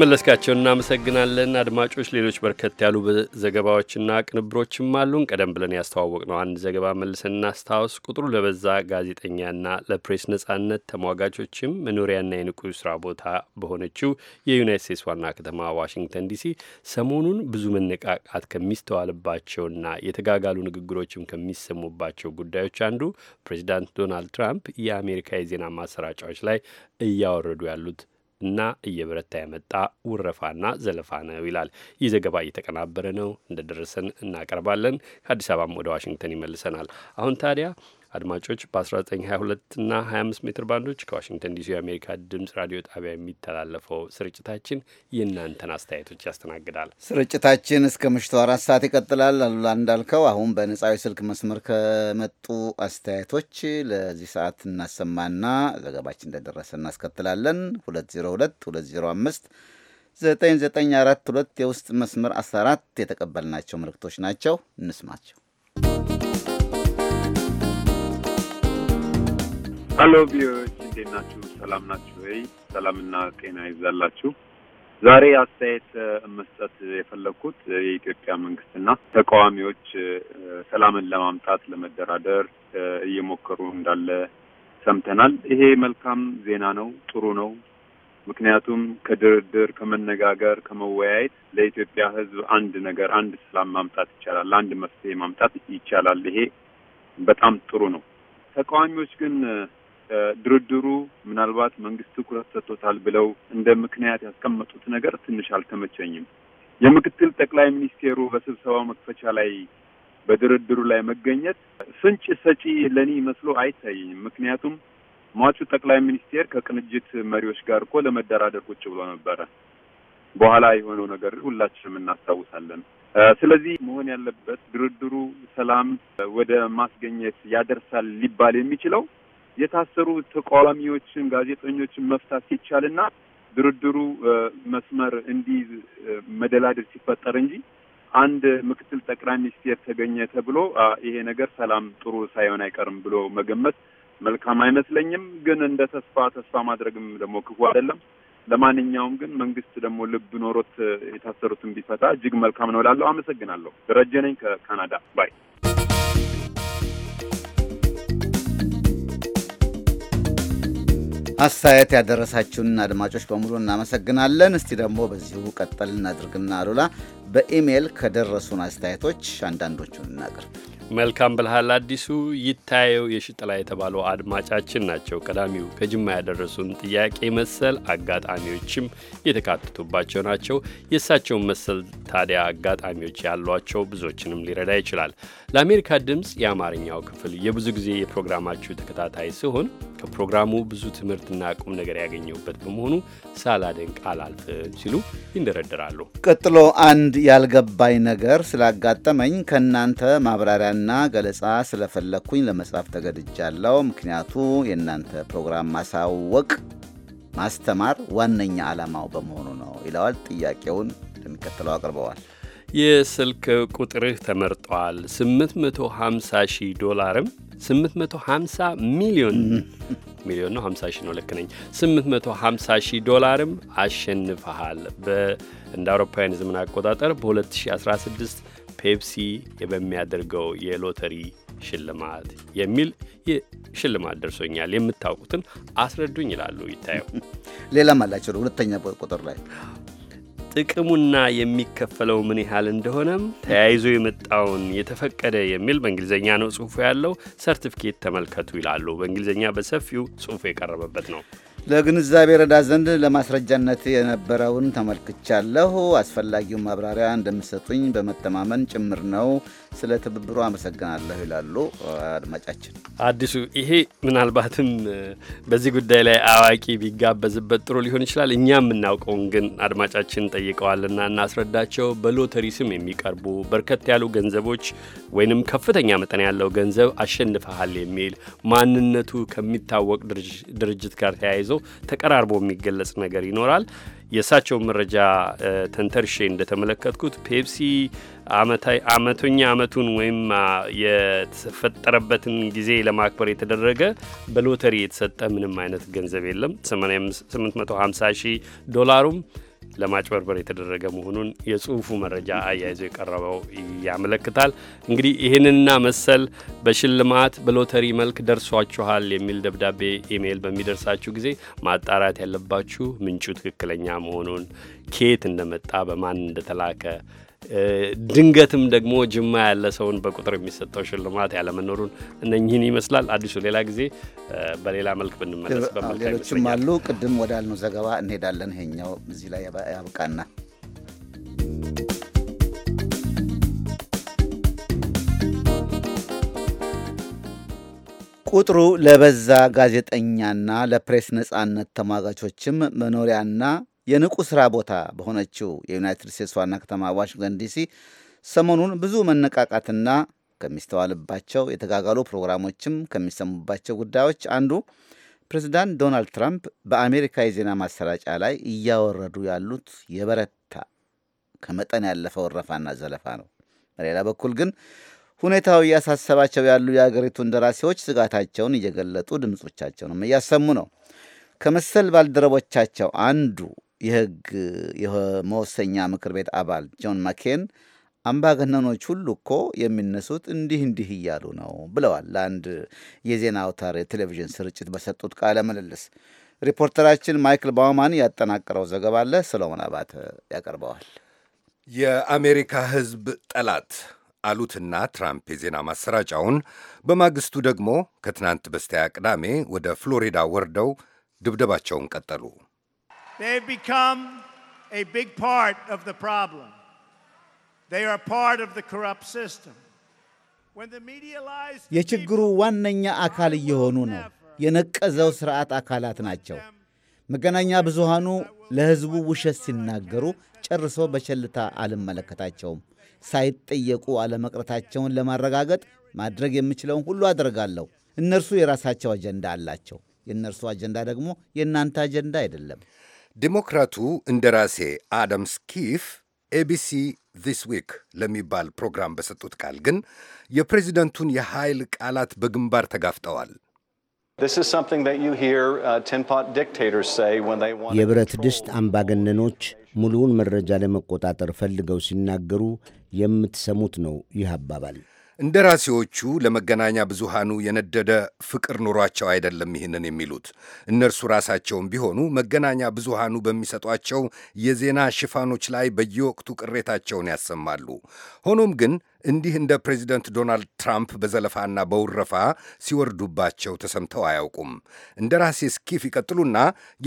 መለስካቸው እናመሰግናለን። አድማጮች ሌሎች በርከት ያሉ ዘገባዎችና ቅንብሮችም አሉን። ቀደም ብለን ያስተዋወቅ ነው አንድ ዘገባ መልሰን እናስታውስ። ቁጥሩ ለበዛ ጋዜጠኛና ለፕሬስ ነጻነት ተሟጋቾችም መኖሪያና የንቁ ስራ ቦታ በሆነችው የዩናይት ስቴትስ ዋና ከተማ ዋሽንግተን ዲሲ ሰሞኑን ብዙ መነቃቃት ከሚስተዋልባቸውና የተጋጋሉ ንግግሮችም ከሚሰሙባቸው ጉዳዮች አንዱ ፕሬዚዳንት ዶናልድ ትራምፕ የአሜሪካ የዜና ማሰራጫዎች ላይ እያወረዱ ያሉት እና እየበረታ የመጣ ውረፋና ዘለፋ ነው ይላል። ይህ ዘገባ እየተቀናበረ ነው፣ እንደደረሰን እናቀርባለን። ከአዲስ አበባም ወደ ዋሽንግተን ይመልሰናል። አሁን ታዲያ አድማጮች በ1922 እና 25 ሜትር ባንዶች ከዋሽንግተን ዲሲ የአሜሪካ ድምፅ ራዲዮ ጣቢያ የሚተላለፈው ስርጭታችን የእናንተን አስተያየቶች ያስተናግዳል። ስርጭታችን እስከ ምሽቱ አራት ሰዓት ይቀጥላል። አሉላ እንዳልከው አሁን በነጻዊ ስልክ መስመር ከመጡ አስተያየቶች ለዚህ ሰዓት እናሰማና ዘገባችን እንደደረሰ እናስከትላለን። 202 205 9942 የውስጥ መስመር 14 የተቀበልናቸው መልእክቶች ናቸው። እንስማቸው። አሎ ቪዎች እንዴት ናችሁ? ሰላም ናችሁ ወይ? ሰላምና ጤና ይዛላችሁ። ዛሬ አስተያየት መስጠት የፈለግኩት የኢትዮጵያ መንግስትና ተቃዋሚዎች ሰላምን ለማምጣት ለመደራደር እየሞከሩ እንዳለ ሰምተናል። ይሄ መልካም ዜና ነው፣ ጥሩ ነው። ምክንያቱም ከድርድር ከመነጋገር፣ ከመወያየት ለኢትዮጵያ ሕዝብ አንድ ነገር አንድ ሰላም ማምጣት ይቻላል፣ አንድ መፍትሄ ማምጣት ይቻላል። ይሄ በጣም ጥሩ ነው። ተቃዋሚዎች ግን ድርድሩ ምናልባት መንግስት ትኩረት ሰጥቶታል ብለው እንደ ምክንያት ያስቀመጡት ነገር ትንሽ አልተመቸኝም። የምክትል ጠቅላይ ሚኒስቴሩ በስብሰባው መክፈቻ ላይ በድርድሩ ላይ መገኘት ፍንጭ ሰጪ ለእኔ መስሎ አይታየኝም። ምክንያቱም ሟቹ ጠቅላይ ሚኒስቴር ከቅንጅት መሪዎች ጋር እኮ ለመደራደር ቁጭ ብሎ ነበረ። በኋላ የሆነው ነገር ሁላችንም እናስታውሳለን። ስለዚህ መሆን ያለበት ድርድሩ ሰላም ወደ ማስገኘት ያደርሳል ሊባል የሚችለው የታሰሩ ተቃዋሚዎችን ጋዜጠኞችን መፍታት ሲቻልና ድርድሩ መስመር እንዲይዝ መደላደል ሲፈጠር እንጂ አንድ ምክትል ጠቅላይ ሚኒስቴር ተገኘ ተብሎ ይሄ ነገር ሰላም ጥሩ ሳይሆን አይቀርም ብሎ መገመት መልካም አይመስለኝም። ግን እንደ ተስፋ ተስፋ ማድረግም ደግሞ ክፉ አይደለም። ለማንኛውም ግን መንግስት ደግሞ ልብ ኖሮት የታሰሩትን ቢፈታ እጅግ መልካም ነው እላለሁ። አመሰግናለሁ። ደረጀ ነኝ ከካናዳ ባይ አስተያየት ያደረሳችሁን አድማጮች በሙሉ እናመሰግናለን። እስቲ ደግሞ በዚሁ ቀጠል እናድርግና አሉላ በኢሜይል ከደረሱን አስተያየቶች አንዳንዶቹን እናቅርብ። መልካም ብልሃል አዲሱ ይታየው የሽጥላ የተባለው አድማጫችን ናቸው። ቀዳሚው ከጅማ ያደረሱን ጥያቄ መሰል አጋጣሚዎችም የተካተቱባቸው ናቸው። የእሳቸውን መሰል ታዲያ አጋጣሚዎች ያሏቸው ብዙዎችንም ሊረዳ ይችላል። ለአሜሪካ ድምፅ የአማርኛው ክፍል የብዙ ጊዜ የፕሮግራማችሁ ተከታታይ ሲሆን ከፕሮግራሙ ብዙ ትምህርትና ቁም ነገር ያገኘሁበት በመሆኑ ሳላደንቅ አላልፍም ሲሉ ይንደረድራሉ። ቀጥሎ አንድ ያልገባኝ ነገር ስላጋጠመኝ ከእናንተ ማብራሪያ ማብራሪያና ገለጻ ስለፈለግኩኝ ለመጻፍ ተገድጃለው። ምክንያቱ የእናንተ ፕሮግራም ማሳወቅ፣ ማስተማር ዋነኛ ዓላማው በመሆኑ ነው ይለዋል። ጥያቄውን እንደሚከተለው አቅርበዋል። የስልክ ቁጥርህ ተመርጧል። 850 ሺህ ዶላርም 850 ሚሊዮን ሚሊዮን ነው 50 ሺህ ነው ልክ ነኝ። 850 ሺህ ዶላርም አሸንፈሃል በ እንደ አውሮፓውያን ዘመን አቆጣጠር በ2016 ፔፕሲ በሚያደርገው የሎተሪ ሽልማት የሚል ሽልማት ደርሶኛል፣ የምታውቁትን አስረዱኝ ይላሉ። ይታየው ሌላም አላቸው። ሁለተኛ ቁጥር ላይ ጥቅሙና የሚከፈለው ምን ያህል እንደሆነም ተያይዞ የመጣውን የተፈቀደ የሚል በእንግሊዝኛ ነው ጽሁፉ ያለው ሰርቲፊኬት ተመልከቱ ይላሉ። በእንግሊዝኛ በሰፊው ጽሁፉ የቀረበበት ነው። ለግንዛቤ ረዳ ዘንድ ለማስረጃነት የነበረውን ተመልክቻለሁ። አስፈላጊውን ማብራሪያ እንደሚሰጡኝ በመተማመን ጭምር ነው ስለ ትብብሩ አመሰግናለሁ ይላሉ አድማጫችን። አዲሱ ይሄ ምናልባትም በዚህ ጉዳይ ላይ አዋቂ ቢጋበዝበት ጥሩ ሊሆን ይችላል። እኛ የምናውቀውን ግን አድማጫችን ጠይቀዋልና እናስረዳቸው። በሎተሪ ስም የሚቀርቡ በርከት ያሉ ገንዘቦች ወይንም ከፍተኛ መጠን ያለው ገንዘብ አሸንፈሃል የሚል ማንነቱ ከሚታወቅ ድርጅት ጋር ተያይዞ ተቀራርቦ የሚገለጽ ነገር ይኖራል። የእሳቸውን መረጃ ተንተርሼ እንደተመለከትኩት ፔፕሲ አመቶኛ አመቱን ወይም የተፈጠረበትን ጊዜ ለማክበር የተደረገ በሎተሪ የተሰጠ ምንም አይነት ገንዘብ የለም። 850 ሺህ ዶላሩም ለማጭበርበር የተደረገ መሆኑን የጽሁፉ መረጃ አያይዞ የቀረበው ያመለክታል። እንግዲህ ይህንና መሰል በሽልማት በሎተሪ መልክ ደርሷችኋል የሚል ደብዳቤ ኢሜይል በሚደርሳችሁ ጊዜ ማጣራት ያለባችሁ ምንጩ ትክክለኛ መሆኑን፣ ኬት እንደመጣ፣ በማን እንደተላከ ድንገትም ደግሞ ጅማ ያለ ሰውን በቁጥር የሚሰጠው ሽልማት ያለመኖሩን እነኝህን ይመስላል። አዲሱ ሌላ ጊዜ በሌላ መልክ ብንመለስ ሌሎችም አሉ። ቅድም ወዳልነው ዘገባ እንሄዳለን። ይሄኛው እዚህ ላይ ያብቃና ቁጥሩ ለበዛ ጋዜጠኛና ለፕሬስ ነጻነት ተሟጋቾችም መኖሪያና የንቁ ስራ ቦታ በሆነችው የዩናይትድ ስቴትስ ዋና ከተማ ዋሽንግተን ዲሲ ሰሞኑን ብዙ መነቃቃትና ከሚስተዋልባቸው የተጋጋሉ ፕሮግራሞችም ከሚሰሙባቸው ጉዳዮች አንዱ ፕሬዚዳንት ዶናልድ ትራምፕ በአሜሪካ የዜና ማሰራጫ ላይ እያወረዱ ያሉት የበረታ ከመጠን ያለፈ ወረፋና ዘለፋ ነው። በሌላ በኩል ግን ሁኔታው እያሳሰባቸው ያሉ የአገሪቱ እንደራሴዎች ስጋታቸውን እየገለጡ ድምፆቻቸውንም እያሰሙ ነው። ከመሰል ባልደረቦቻቸው አንዱ የህግ የመወሰኛ ምክር ቤት አባል ጆን ማኬን አምባገነኖች ሁሉ እኮ የሚነሱት እንዲህ እንዲህ እያሉ ነው ብለዋል። ለአንድ የዜና አውታር የቴሌቪዥን ስርጭት በሰጡት ቃለ ምልልስ ሪፖርተራችን ማይክል ባውማን ያጠናቀረው ዘገባ አለ። ሰሎሞን አባተ ያቀርበዋል። የአሜሪካ ህዝብ ጠላት አሉትና ትራምፕ የዜና ማሰራጫውን በማግስቱ ደግሞ ከትናንት በስቲያ ቅዳሜ ወደ ፍሎሪዳ ወርደው ድብደባቸውን ቀጠሉ። They've become a big part of the problem. They are part of the corrupt system. የችግሩ ዋነኛ አካል እየሆኑ ነው። የነቀዘው ሥርዓት አካላት ናቸው። መገናኛ ብዙሃኑ ለሕዝቡ ውሸት ሲናገሩ ጨርሶ በቸልታ አልመለከታቸውም። ሳይጠየቁ አለመቅረታቸውን ለማረጋገጥ ማድረግ የምችለውን ሁሉ አደርጋለሁ። እነርሱ የራሳቸው አጀንዳ አላቸው። የእነርሱ አጀንዳ ደግሞ የእናንተ አጀንዳ አይደለም። ዴሞክራቱ እንደራሴ አዳምስ ስኪፍ ኤቢሲ ዚስ ዊክ ለሚባል ፕሮግራም በሰጡት ቃል ግን የፕሬዚደንቱን የኃይል ቃላት በግንባር ተጋፍጠዋል። uh, የብረት ድስት አምባገነኖች ሙሉውን መረጃ ለመቆጣጠር ፈልገው ሲናገሩ የምትሰሙት ነው ይህ አባባል። እንደራሴዎቹ ለመገናኛ ብዙሃኑ የነደደ ፍቅር ኑሯቸው አይደለም ይህንን የሚሉት። እነርሱ ራሳቸውም ቢሆኑ መገናኛ ብዙሃኑ በሚሰጧቸው የዜና ሽፋኖች ላይ በየወቅቱ ቅሬታቸውን ያሰማሉ። ሆኖም ግን እንዲህ እንደ ፕሬዚደንት ዶናልድ ትራምፕ በዘለፋና በውረፋ ሲወርዱባቸው ተሰምተው አያውቁም። እንደራሴ ስኪፍ ይቀጥሉና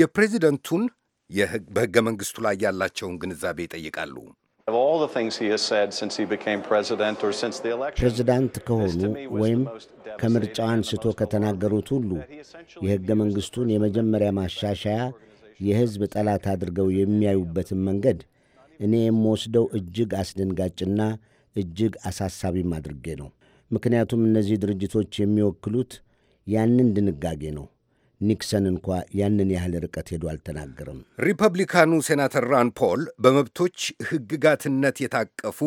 የፕሬዚደንቱን በሕገ መንግሥቱ ላይ ያላቸውን ግንዛቤ ይጠይቃሉ። ፕሬዚዳንት ከሆኑ ወይም ከምርጫ አንስቶ ከተናገሩት ሁሉ የሕገ መንግሥቱን የመጀመሪያ ማሻሻያ የሕዝብ ጠላት አድርገው የሚያዩበትን መንገድ እኔ የምወስደው እጅግ አስደንጋጭና እጅግ አሳሳቢም አድርጌ ነው። ምክንያቱም እነዚህ ድርጅቶች የሚወክሉት ያንን ድንጋጌ ነው። ኒክሰን እንኳ ያንን ያህል ርቀት ሄዶ አልተናገርም። ሪፐብሊካኑ ሴናተር ራን ፖል በመብቶች ሕግጋትነት የታቀፉ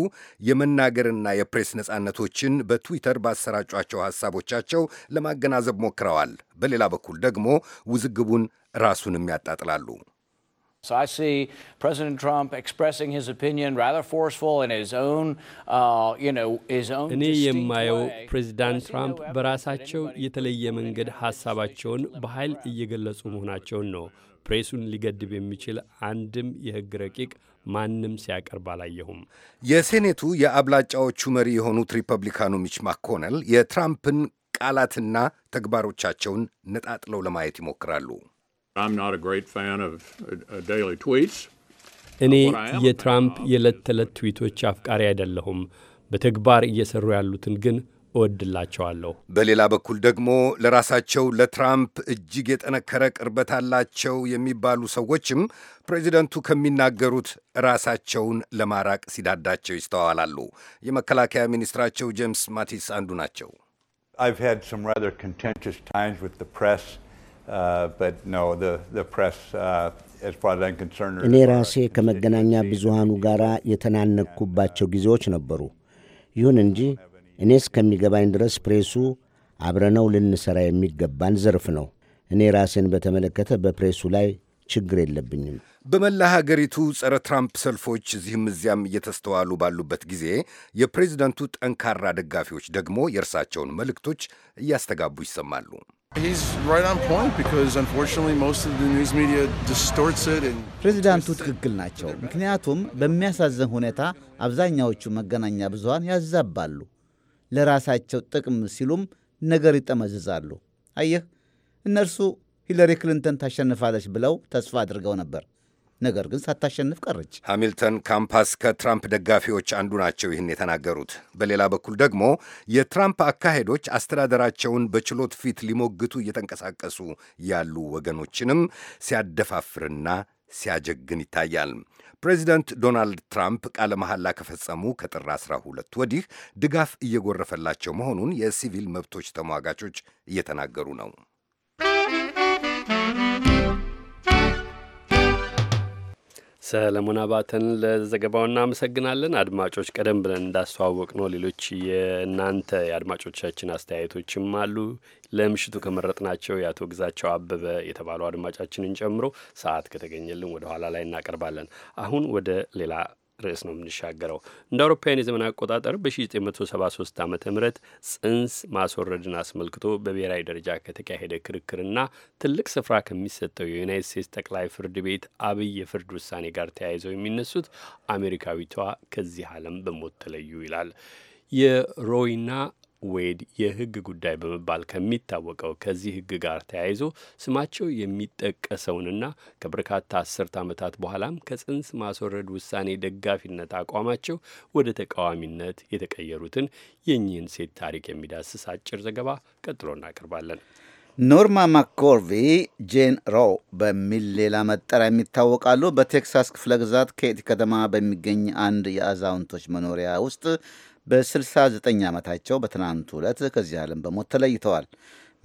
የመናገርና የፕሬስ ነጻነቶችን በትዊተር ባሰራጯቸው ሐሳቦቻቸው ለማገናዘብ ሞክረዋል። በሌላ በኩል ደግሞ ውዝግቡን ራሱንም ያጣጥላሉ። So I see President Trump expressing his opinion rather forceful in his own, uh, you know, his own እኔ የማየው ፕሬዚዳንት ትራምፕ በራሳቸው የተለየ መንገድ ሀሳባቸውን በኃይል እየገለጹ መሆናቸውን ነው። ፕሬሱን ሊገድብ የሚችል አንድም የሕግ ረቂቅ ማንም ሲያቀርብ አላየሁም። የሴኔቱ የአብላጫዎቹ መሪ የሆኑት ሪፐብሊካኑ ሚች ማኮነል የትራምፕን ቃላትና ተግባሮቻቸውን ነጣጥለው ለማየት ይሞክራሉ። እኔ የትራምፕ የዕለት ተዕለት ትዊቶች አፍቃሪ አይደለሁም። በተግባር እየሰሩ ያሉትን ግን እወድላቸዋለሁ። በሌላ በኩል ደግሞ ለራሳቸው ለትራምፕ እጅግ የጠነከረ ቅርበት አላቸው የሚባሉ ሰዎችም ፕሬዚደንቱ ከሚናገሩት ራሳቸውን ለማራቅ ሲዳዳቸው ይስተዋላሉ። የመከላከያ ሚኒስትራቸው ጄምስ ማቲስ አንዱ ናቸው። I've had some rather contentious times with the press. Uh, but no, the, the press, uh, as far as I'm concerned, እኔ ራሴ ከመገናኛ ብዙሃኑ ጋር የተናነቅኩባቸው ጊዜዎች ነበሩ። ይሁን እንጂ እኔ እስከሚገባኝ ድረስ ፕሬሱ አብረነው ልንሠራ የሚገባን ዘርፍ ነው። እኔ ራሴን በተመለከተ በፕሬሱ ላይ ችግር የለብኝም። በመላ ሀገሪቱ ጸረ ትራምፕ ሰልፎች እዚህም እዚያም እየተስተዋሉ ባሉበት ጊዜ የፕሬዚደንቱ ጠንካራ ደጋፊዎች ደግሞ የእርሳቸውን መልእክቶች እያስተጋቡ ይሰማሉ። ፕሬዚዳንቱ ትክክል ናቸው። ምክንያቱም በሚያሳዝን ሁኔታ አብዛኛዎቹ መገናኛ ብዙሃን ያዛባሉ። ለራሳቸው ጥቅም ሲሉም ነገር ይጠመዝዛሉ። አየህ፣ እነርሱ ሂለሪ ክሊንተን ታሸንፋለች ብለው ተስፋ አድርገው ነበር። ነገር ግን ሳታሸንፍ ቀረች። ሃሚልተን ካምፓስ ከትራምፕ ደጋፊዎች አንዱ ናቸው ይህን የተናገሩት። በሌላ በኩል ደግሞ የትራምፕ አካሄዶች አስተዳደራቸውን በችሎት ፊት ሊሞግቱ እየተንቀሳቀሱ ያሉ ወገኖችንም ሲያደፋፍርና ሲያጀግን ይታያል። ፕሬዚደንት ዶናልድ ትራምፕ ቃለ መሐላ ከፈጸሙ ከጥር 12 ወዲህ ድጋፍ እየጎረፈላቸው መሆኑን የሲቪል መብቶች ተሟጋቾች እየተናገሩ ነው። ሰለሞን አባተን ለዘገባው እናመሰግናለን። አድማጮች፣ ቀደም ብለን እንዳስተዋወቅ ነው ሌሎች የእናንተ የአድማጮቻችን አስተያየቶችም አሉ። ለምሽቱ ከመረጥናቸው የአቶ ግዛቸው አበበ የተባሉ አድማጫችንን ጨምሮ ሰዓት ከተገኘልን ወደ ኋላ ላይ እናቀርባለን። አሁን ወደ ሌላ ርዕስ ነው የምንሻገረው። እንደ አውሮፓውያን የዘመን አቆጣጠር በ1973 ዓ ም ጽንስ ማስወረድን አስመልክቶ በብሔራዊ ደረጃ ከተካሄደ ክርክርና ትልቅ ስፍራ ከሚሰጠው የዩናይት ስቴትስ ጠቅላይ ፍርድ ቤት አብይ የፍርድ ውሳኔ ጋር ተያይዘው የሚነሱት አሜሪካዊቷ ከዚህ ዓለም በሞት ተለዩ ይላል የሮይና ዌድ የህግ ጉዳይ በመባል ከሚታወቀው ከዚህ ህግ ጋር ተያይዞ ስማቸው የሚጠቀሰውንና ከበርካታ አስርት ዓመታት በኋላም ከጽንስ ማስወረድ ውሳኔ ደጋፊነት አቋማቸው ወደ ተቃዋሚነት የተቀየሩትን የኚህን ሴት ታሪክ የሚዳስስ አጭር ዘገባ ቀጥሎ እናቀርባለን። ኖርማ ማኮርቪ ጄን ሮ በሚል ሌላ መጠሪያ የሚታወቃሉ። በቴክሳስ ክፍለ ግዛት ኬቲ ከተማ በሚገኝ አንድ የአዛውንቶች መኖሪያ ውስጥ በ69 ዓመታቸው በትናንቱ ዕለት ከዚህ ዓለም በሞት ተለይተዋል።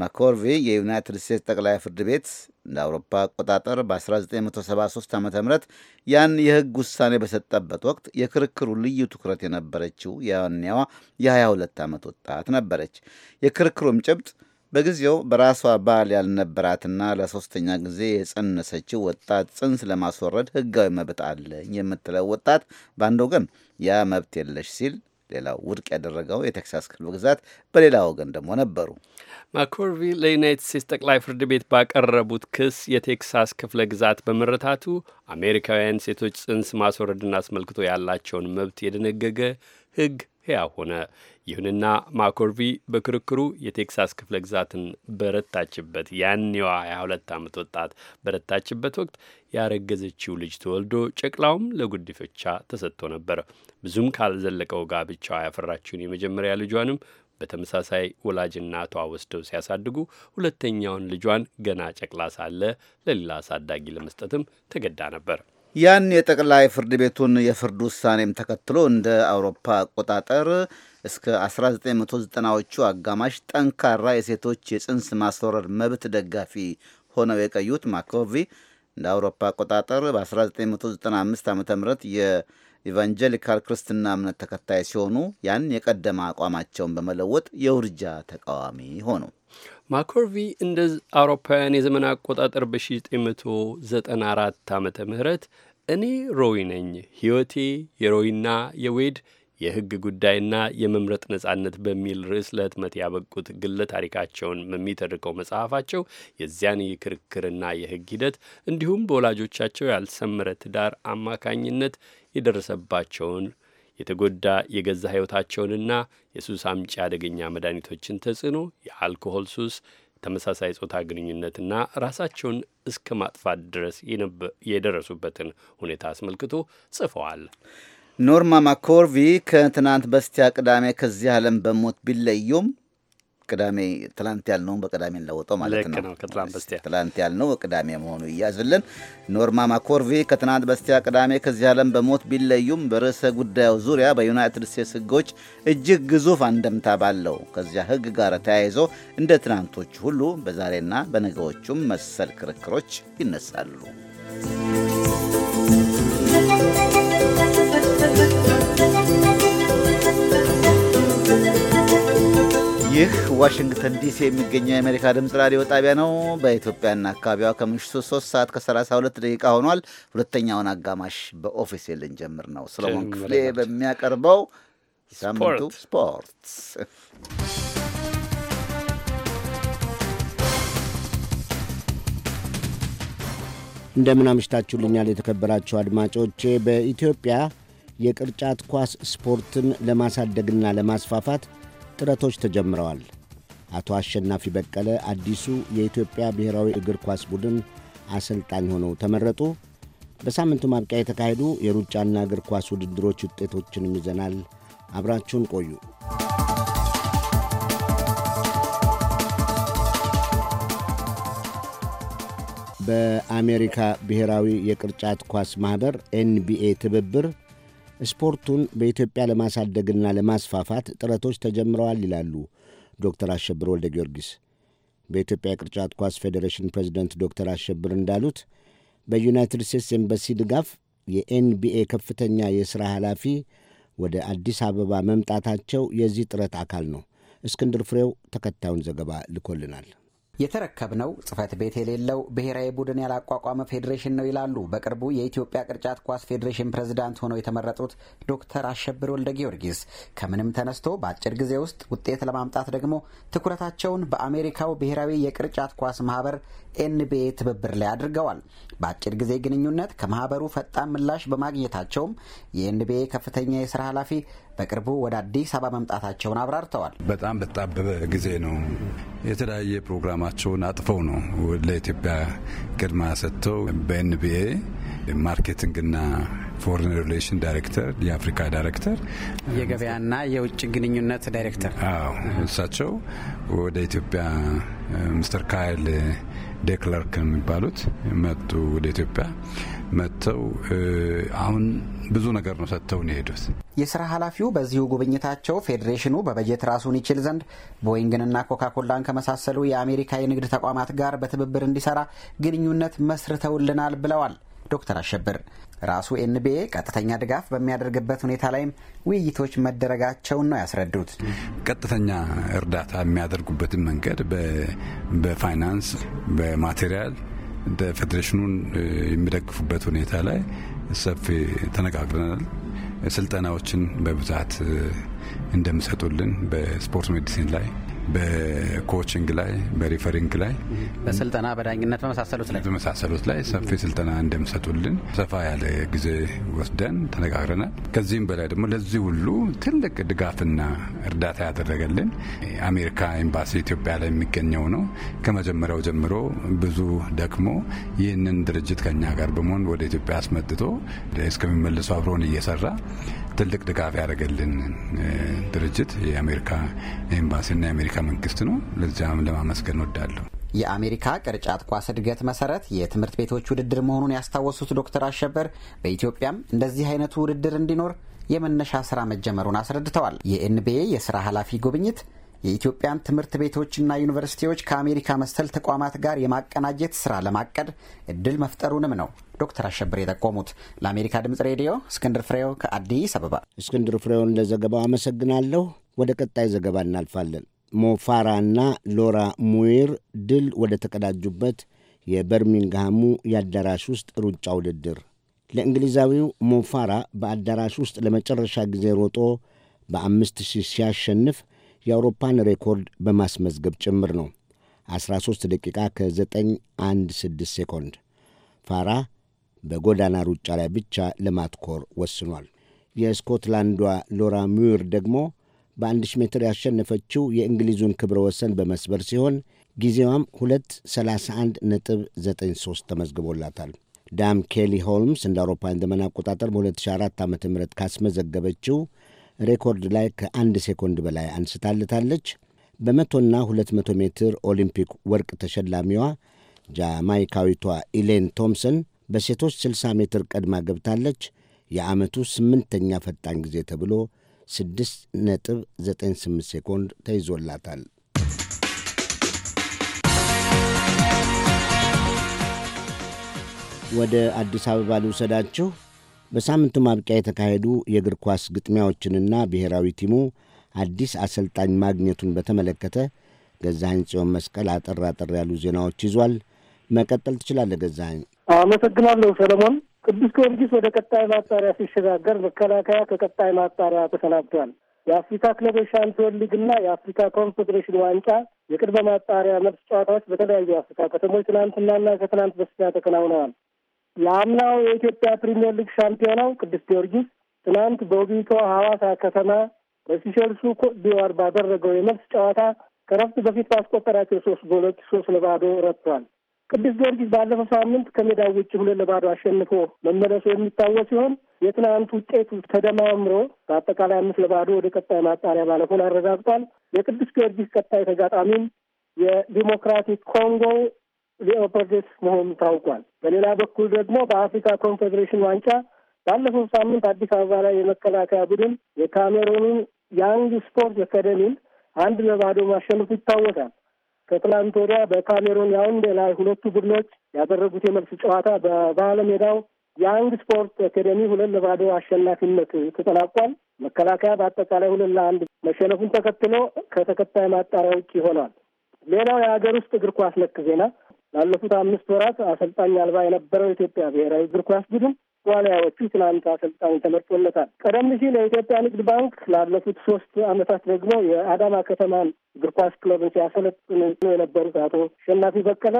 ማኮርቪ የዩናይትድ ስቴትስ ጠቅላይ ፍርድ ቤት እንደ አውሮፓ አቆጣጠር በ1973 ዓ ም ያን የሕግ ውሳኔ በሰጠበት ወቅት የክርክሩ ልዩ ትኩረት የነበረችው ያኔዋ የ22 ዓመት ወጣት ነበረች። የክርክሩም ጭብጥ በጊዜው በራሷ ባል ያልነበራትና ለሶስተኛ ጊዜ የጸነሰችው ወጣት ጽንስ ለማስወረድ ሕጋዊ መብት አለኝ የምትለው ወጣት በአንድ ወገን ያ መብት የለሽ ሲል ሌላው ውድቅ ያደረገው የቴክሳስ ክፍለ ግዛት በሌላ ወገን ደግሞ ነበሩ። ማኮርቪ ለዩናይትድ ስቴትስ ጠቅላይ ፍርድ ቤት ባቀረቡት ክስ የቴክሳስ ክፍለ ግዛት በመረታቱ አሜሪካውያን ሴቶች ጽንስ ማስወረድን አስመልክቶ ያላቸውን መብት የደነገገ ሕግ ሕያው ሆነ። ይሁንና ማኮርቪ በክርክሩ የቴክሳስ ክፍለ ግዛትን በረታችበት ያኔዋ 22 ዓመት ወጣት በረታችበት ወቅት ያረገዘችው ልጅ ተወልዶ ጨቅላውም ለጉዲፈቻ ተሰጥቶ ነበር። ብዙም ካልዘለቀው ጋብቻዋ ያፈራችውን የመጀመሪያ ልጇንም በተመሳሳይ ወላጅ እናቷ ወስደው ሲያሳድጉ ሁለተኛውን ልጇን ገና ጨቅላ ሳለ ለሌላ አሳዳጊ ለመስጠትም ተገዳ ነበር። ያን የጠቅላይ ፍርድ ቤቱን የፍርድ ውሳኔም ተከትሎ እንደ አውሮፓ አቆጣጠር እስከ 1990ዎቹ አጋማሽ ጠንካራ የሴቶች የጽንስ ማስወረድ መብት ደጋፊ ሆነው የቀዩት ማኮቪ እንደ አውሮፓ አቆጣጠር በ1995 ዓ ም የኢቫንጀሊካል ክርስትና እምነት ተከታይ ሲሆኑ ያን የቀደመ አቋማቸውን በመለወጥ የውርጃ ተቃዋሚ ሆኑ። ማኮርቪ እንደ አውሮፓውያን የዘመን አቆጣጠር በ1994 ዓመተ ምህረት እኔ ሮይ ነኝ፣ ሕይወቴ የሮይና የዌድ የሕግ ጉዳይና የመምረጥ ነጻነት በሚል ርዕስ ለህትመት ያበቁት ግለ ታሪካቸውን በሚተርከው መጽሐፋቸው የዚያን የክርክርና የሕግ ሂደት እንዲሁም በወላጆቻቸው ያልሰመረ ትዳር አማካኝነት የደረሰባቸውን የተጎዳ የገዛ ሕይወታቸውንና የሱስ አምጪ አደገኛ መድኃኒቶችን ተጽዕኖ፣ የአልኮሆል ሱስ ተመሳሳይ ጾታ ግንኙነትና ራሳቸውን እስከ ማጥፋት ድረስ የደረሱበትን ሁኔታ አስመልክቶ ጽፈዋል። ኖርማ ማኮርቪ ከትናንት በስቲያ ቅዳሜ ከዚህ ዓለም በሞት ቢለዩም ቅዳሜ ትላንት ያልነውን በቅዳሜ እንለወጠው ማለት ነው። ከትላንት በስቲያ ትላንት ያልነው ቅዳሜ መሆኑ እያዝልን ኖርማ ማኮርቪ ከትናንት በስቲያ ቅዳሜ ከዚህ ዓለም በሞት ቢለዩም በርዕሰ ጉዳዩ ዙሪያ በዩናይትድ ስቴትስ ሕጎች እጅግ ግዙፍ አንደምታ ባለው ከዚያ ሕግ ጋር ተያይዞ እንደ ትናንቶች ሁሉ በዛሬና በነገዎቹም መሰል ክርክሮች ይነሳሉ። ይህ ዋሽንግተን ዲሲ የሚገኘው የአሜሪካ ድምፅ ራዲዮ ጣቢያ ነው። በኢትዮጵያና አካባቢዋ ከምሽቱ 3 ሰዓት ከ32 ደቂቃ ሆኗል። ሁለተኛውን አጋማሽ በኦፊሴል ልንጀምር ነው። ሰሎሞን ክፍሌ በሚያቀርበው ሳምንቱ ስፖርት እንደምን አምሽታችሁልኛል የተከበራችሁ አድማጮቼ። በኢትዮጵያ የቅርጫት ኳስ ስፖርትን ለማሳደግና ለማስፋፋት ጥረቶች ተጀምረዋል። አቶ አሸናፊ በቀለ አዲሱ የኢትዮጵያ ብሔራዊ እግር ኳስ ቡድን አሰልጣኝ ሆነው ተመረጡ። በሳምንቱ ማብቂያ የተካሄዱ የሩጫና እግር ኳስ ውድድሮች ውጤቶችንም ይዘናል። አብራችሁን ቆዩ። በአሜሪካ ብሔራዊ የቅርጫት ኳስ ማኅበር ኤንቢኤ ትብብር ስፖርቱን በኢትዮጵያ ለማሳደግና ለማስፋፋት ጥረቶች ተጀምረዋል ይላሉ ዶክተር አሸብር ወልደ ጊዮርጊስ። በኢትዮጵያ የቅርጫት ኳስ ፌዴሬሽን ፕሬዚደንት ዶክተር አሸብር እንዳሉት በዩናይትድ ስቴትስ ኤምባሲ ድጋፍ የኤንቢኤ ከፍተኛ የሥራ ኃላፊ ወደ አዲስ አበባ መምጣታቸው የዚህ ጥረት አካል ነው። እስክንድር ፍሬው ተከታዩን ዘገባ ልኮልናል። የተረከብነው ጽህፈት ቤት የሌለው ብሔራዊ ቡድን ያላቋቋመ ፌዴሬሽን ነው ይላሉ በቅርቡ የኢትዮጵያ ቅርጫት ኳስ ፌዴሬሽን ፕሬዝዳንት ሆነው የተመረጡት ዶክተር አሸብር ወልደ ጊዮርጊስ። ከምንም ተነስቶ በአጭር ጊዜ ውስጥ ውጤት ለማምጣት ደግሞ ትኩረታቸውን በአሜሪካው ብሔራዊ የቅርጫት ኳስ ማህበር ኤንቢኤ ትብብር ላይ አድርገዋል። በአጭር ጊዜ ግንኙነት ከማህበሩ ፈጣን ምላሽ በማግኘታቸውም የኤንቢኤ ከፍተኛ የስራ ኃላፊ በቅርቡ ወደ አዲስ አበባ መምጣታቸውን አብራርተዋል። በጣም በጣበበ ጊዜ ነው የተለያየ ፕሮግራማቸውን አጥፈው ነው ለኢትዮጵያ ግድማ ሰጥተው በኤንቢኤ ማርኬቲንግና ፎሬን ሪሌሽን ዳይሬክተር የአፍሪካ ዳይሬክተር የገበያና የውጭ ግንኙነት ዳይሬክተር አዎ እሳቸው ወደ ኢትዮጵያ ምስተር ካይል ዴክለርክ የሚባሉት መጡ ወደ ኢትዮጵያ መጥተው አሁን ብዙ ነገር ነው ሰጥተውን የሄዱት። የስራ ኃላፊው በዚሁ ጉብኝታቸው ፌዴሬሽኑ በበጀት ራሱን ይችል ዘንድ ቦይንግንና ኮካኮላን ከመሳሰሉ የአሜሪካ የንግድ ተቋማት ጋር በትብብር እንዲሰራ ግንኙነት መስርተውልናል ብለዋል ዶክተር አሸብር። ራሱ ኤንቢኤ ቀጥተኛ ድጋፍ በሚያደርግበት ሁኔታ ላይም ውይይቶች መደረጋቸውን ነው ያስረዱት። ቀጥተኛ እርዳታ የሚያደርጉበትን መንገድ በፋይናንስ በማቴሪያል ፌዴሬሽኑን የሚደግፉበት ሁኔታ ላይ ሰፊ ተነጋግረናል። ስልጠናዎችን በብዛት እንደሚሰጡልን በስፖርት ሜዲሲን ላይ በኮችንግ ላይ በሪፈሪንግ ላይ በስልጠና በዳኝነት በመሳሰሉት ላይ በመሳሰሉት ላይ ሰፊ ስልጠና እንደሚሰጡልን ሰፋ ያለ ጊዜ ወስደን ተነጋግረናል። ከዚህም በላይ ደግሞ ለዚህ ሁሉ ትልቅ ድጋፍና እርዳታ ያደረገልን አሜሪካ ኤምባሲ ኢትዮጵያ ላይ የሚገኘው ነው። ከመጀመሪያው ጀምሮ ብዙ ደክሞ ይህንን ድርጅት ከኛ ጋር በመሆን ወደ ኢትዮጵያ አስመጥቶ እስከሚመልሱ አብሮን እየሰራ ትልቅ ድጋፍ ያደረገልን ድርጅት የአሜሪካ ኤምባሲና የአሜሪካ መንግስት ነው። ለዚያም ለማመስገን ወዳለሁ። የአሜሪካ ቅርጫት ኳስ እድገት መሰረት የትምህርት ቤቶች ውድድር መሆኑን ያስታወሱት ዶክተር አሸበር በኢትዮጵያም እንደዚህ አይነቱ ውድድር እንዲኖር የመነሻ ስራ መጀመሩን አስረድተዋል። የኤንቢኤ የስራ ኃላፊ ጉብኝት የኢትዮጵያን ትምህርት ቤቶችና ዩኒቨርሲቲዎች ከአሜሪካ መሰል ተቋማት ጋር የማቀናጀት ስራ ለማቀድ እድል መፍጠሩንም ነው ዶክተር አሸብር የጠቆሙት። ለአሜሪካ ድምፅ ሬዲዮ እስክንድር ፍሬው ከአዲስ አበባ። እስክንድር ፍሬውን ለዘገባው አመሰግናለሁ። ወደ ቀጣይ ዘገባ እናልፋለን። ሞፋራና ሎራ ሙዊር ድል ወደ ተቀዳጁበት የበርሚንግሃሙ የአዳራሽ ውስጥ ሩጫ ውድድር ለእንግሊዛዊው ሞፋራ በአዳራሽ ውስጥ ለመጨረሻ ጊዜ ሮጦ በአምስት ሺህ ሲያሸንፍ የአውሮፓን ሬኮርድ በማስመዝገብ ጭምር ነው። 13 ደቂቃ ከ916 ሴኮንድ ፋራ በጎዳና ሩጫ ላይ ብቻ ለማትኮር ወስኗል። የስኮትላንዷ ሎራ ሙር ደግሞ በ1000 ሜትር ያሸነፈችው የእንግሊዙን ክብረ ወሰን በመስበር ሲሆን ጊዜዋም 93 ተመዝግቦላታል። ዳም ኬሊ ሆልምስ እንደ አውሮፓውያን ዘመን አቆጣጠር በ2004 ዓ ም ካስመዘገበችው ሬኮርድ ላይ ከአንድ ሴኮንድ በላይ አንስታልታለች። በመቶና 200 ሜትር ኦሊምፒክ ወርቅ ተሸላሚዋ ጃማይካዊቷ ኢሌን ቶምሰን በሴቶች 60 ሜትር ቀድማ ገብታለች። የዓመቱ ስምንተኛ ፈጣን ጊዜ ተብሎ 6.98 ሴኮንድ ተይዞላታል። ወደ አዲስ አበባ ልውሰዳችሁ። በሳምንቱ ማብቂያ የተካሄዱ የእግር ኳስ ግጥሚያዎችንና ብሔራዊ ቲሙ አዲስ አሰልጣኝ ማግኘቱን በተመለከተ ገዛኸኝ ጽዮን መስቀል አጠር አጠር ያሉ ዜናዎች ይዟል። መቀጠል ትችላለህ ገዛኸኝ። አመሰግናለሁ ሰለሞን። ቅዱስ ጊዮርጊስ ወደ ቀጣይ ማጣሪያ ሲሸጋገር መከላከያ ከቀጣይ ማጣሪያ ተሰናብቷል። የአፍሪካ ክለቦች ሻምፒዮን ሊግና የአፍሪካ ኮንፌዴሬሽን ዋንጫ የቅድመ ማጣሪያ መልስ ጨዋታዎች በተለያዩ የአፍሪካ ከተሞች ትናንትናና ከትናንት በስቲያ ተከናውነዋል። የአምናው የኢትዮጵያ ፕሪምየር ሊግ ሻምፒዮናው ቅዱስ ጊዮርጊስ ትናንት በውቢቷ ሐዋሳ ከተማ በሲሸልሱ ኮትዲቯር ባደረገው የመልስ ጨዋታ ከረፍት በፊት ባስቆጠራቸው ሶስት ጎሎች ሶስት ለባዶ ረትቷል። ቅዱስ ጊዮርጊስ ባለፈው ሳምንት ከሜዳው ውጭ ሁለት ለባዶ አሸንፎ መመለሱ የሚታወስ ሲሆን የትናንት ውጤቱ ተደማምሮ በአጠቃላይ አምስት ለባዶ ወደ ቀጣይ ማጣሪያ ማለፉን አረጋግጧል። የቅዱስ ጊዮርጊስ ቀጣይ ተጋጣሚም የዲሞክራቲክ ኮንጎ ሊኦፐርድስ መሆኑ ታውቋል። በሌላ በኩል ደግሞ በአፍሪካ ኮንፌዴሬሽን ዋንጫ ባለፈው ሳምንት አዲስ አበባ ላይ የመከላከያ ቡድን የካሜሩንን ያንግ ስፖርት አካደሚን አንድ ለባዶ ማሸነፉ ይታወሳል። ከትላንት ወዲያ ያውንዴ ላይ ሁለቱ ቡድኖች ያደረጉት የመልስ ጨዋታ በባለ ሜዳው የአንግ ስፖርት አካደሚ ሁለት ለባዶ አሸናፊነት ተጠናቋል። መከላከያ በአጠቃላይ ሁለት ለአንድ መሸነፉን ተከትሎ ከተከታይ ማጣሪያ ውጭ ይሆናል። ሌላው የሀገር ውስጥ እግር ኳስ ነክ ዜና ላለፉት አምስት ወራት አሰልጣኝ አልባ የነበረው ኢትዮጵያ ብሔራዊ እግር ኳስ ቡድን ዋልያዎቹ ትናንት አሰልጣኝ ተመርጦለታል። ቀደም ሲል የኢትዮጵያ ንግድ ባንክ ላለፉት ሶስት ዓመታት ደግሞ የአዳማ ከተማን እግር ኳስ ክለብን ሲያሰለጥኑ የነበሩት አቶ አሸናፊ በቀለ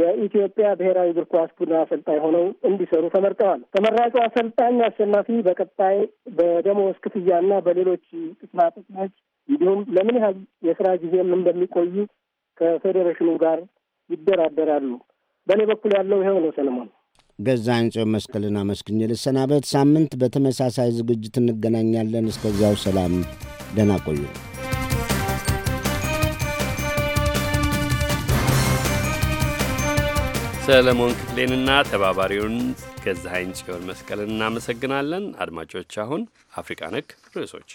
የኢትዮጵያ ብሔራዊ እግር ኳስ ቡድን አሰልጣኝ ሆነው እንዲሰሩ ተመርጠዋል። ተመራጩ አሰልጣኝ አሸናፊ በቀጣይ በደሞዝ ክፍያና በሌሎች ጥቅማ ጥቅሞች እንዲሁም ለምን ያህል የስራ ጊዜም እንደሚቆዩ ከፌዴሬሽኑ ጋር ይደራደራሉ። በእኔ በኩል ያለው ይኸው ነው። ሰለሞን ገዛኸኝ ጽዮን መስቀልን አመስግኜ ልሰናበት። ሳምንት በተመሳሳይ ዝግጅት እንገናኛለን። እስከዚያው ሰላም፣ ደህና ቆዩ። ሰለሞን ክፍሌንና ተባባሪውን ገዛኸኝ ጽዮን መስቀልን እናመሰግናለን። አድማጮች፣ አሁን አፍሪቃ ነክ ርዕሶች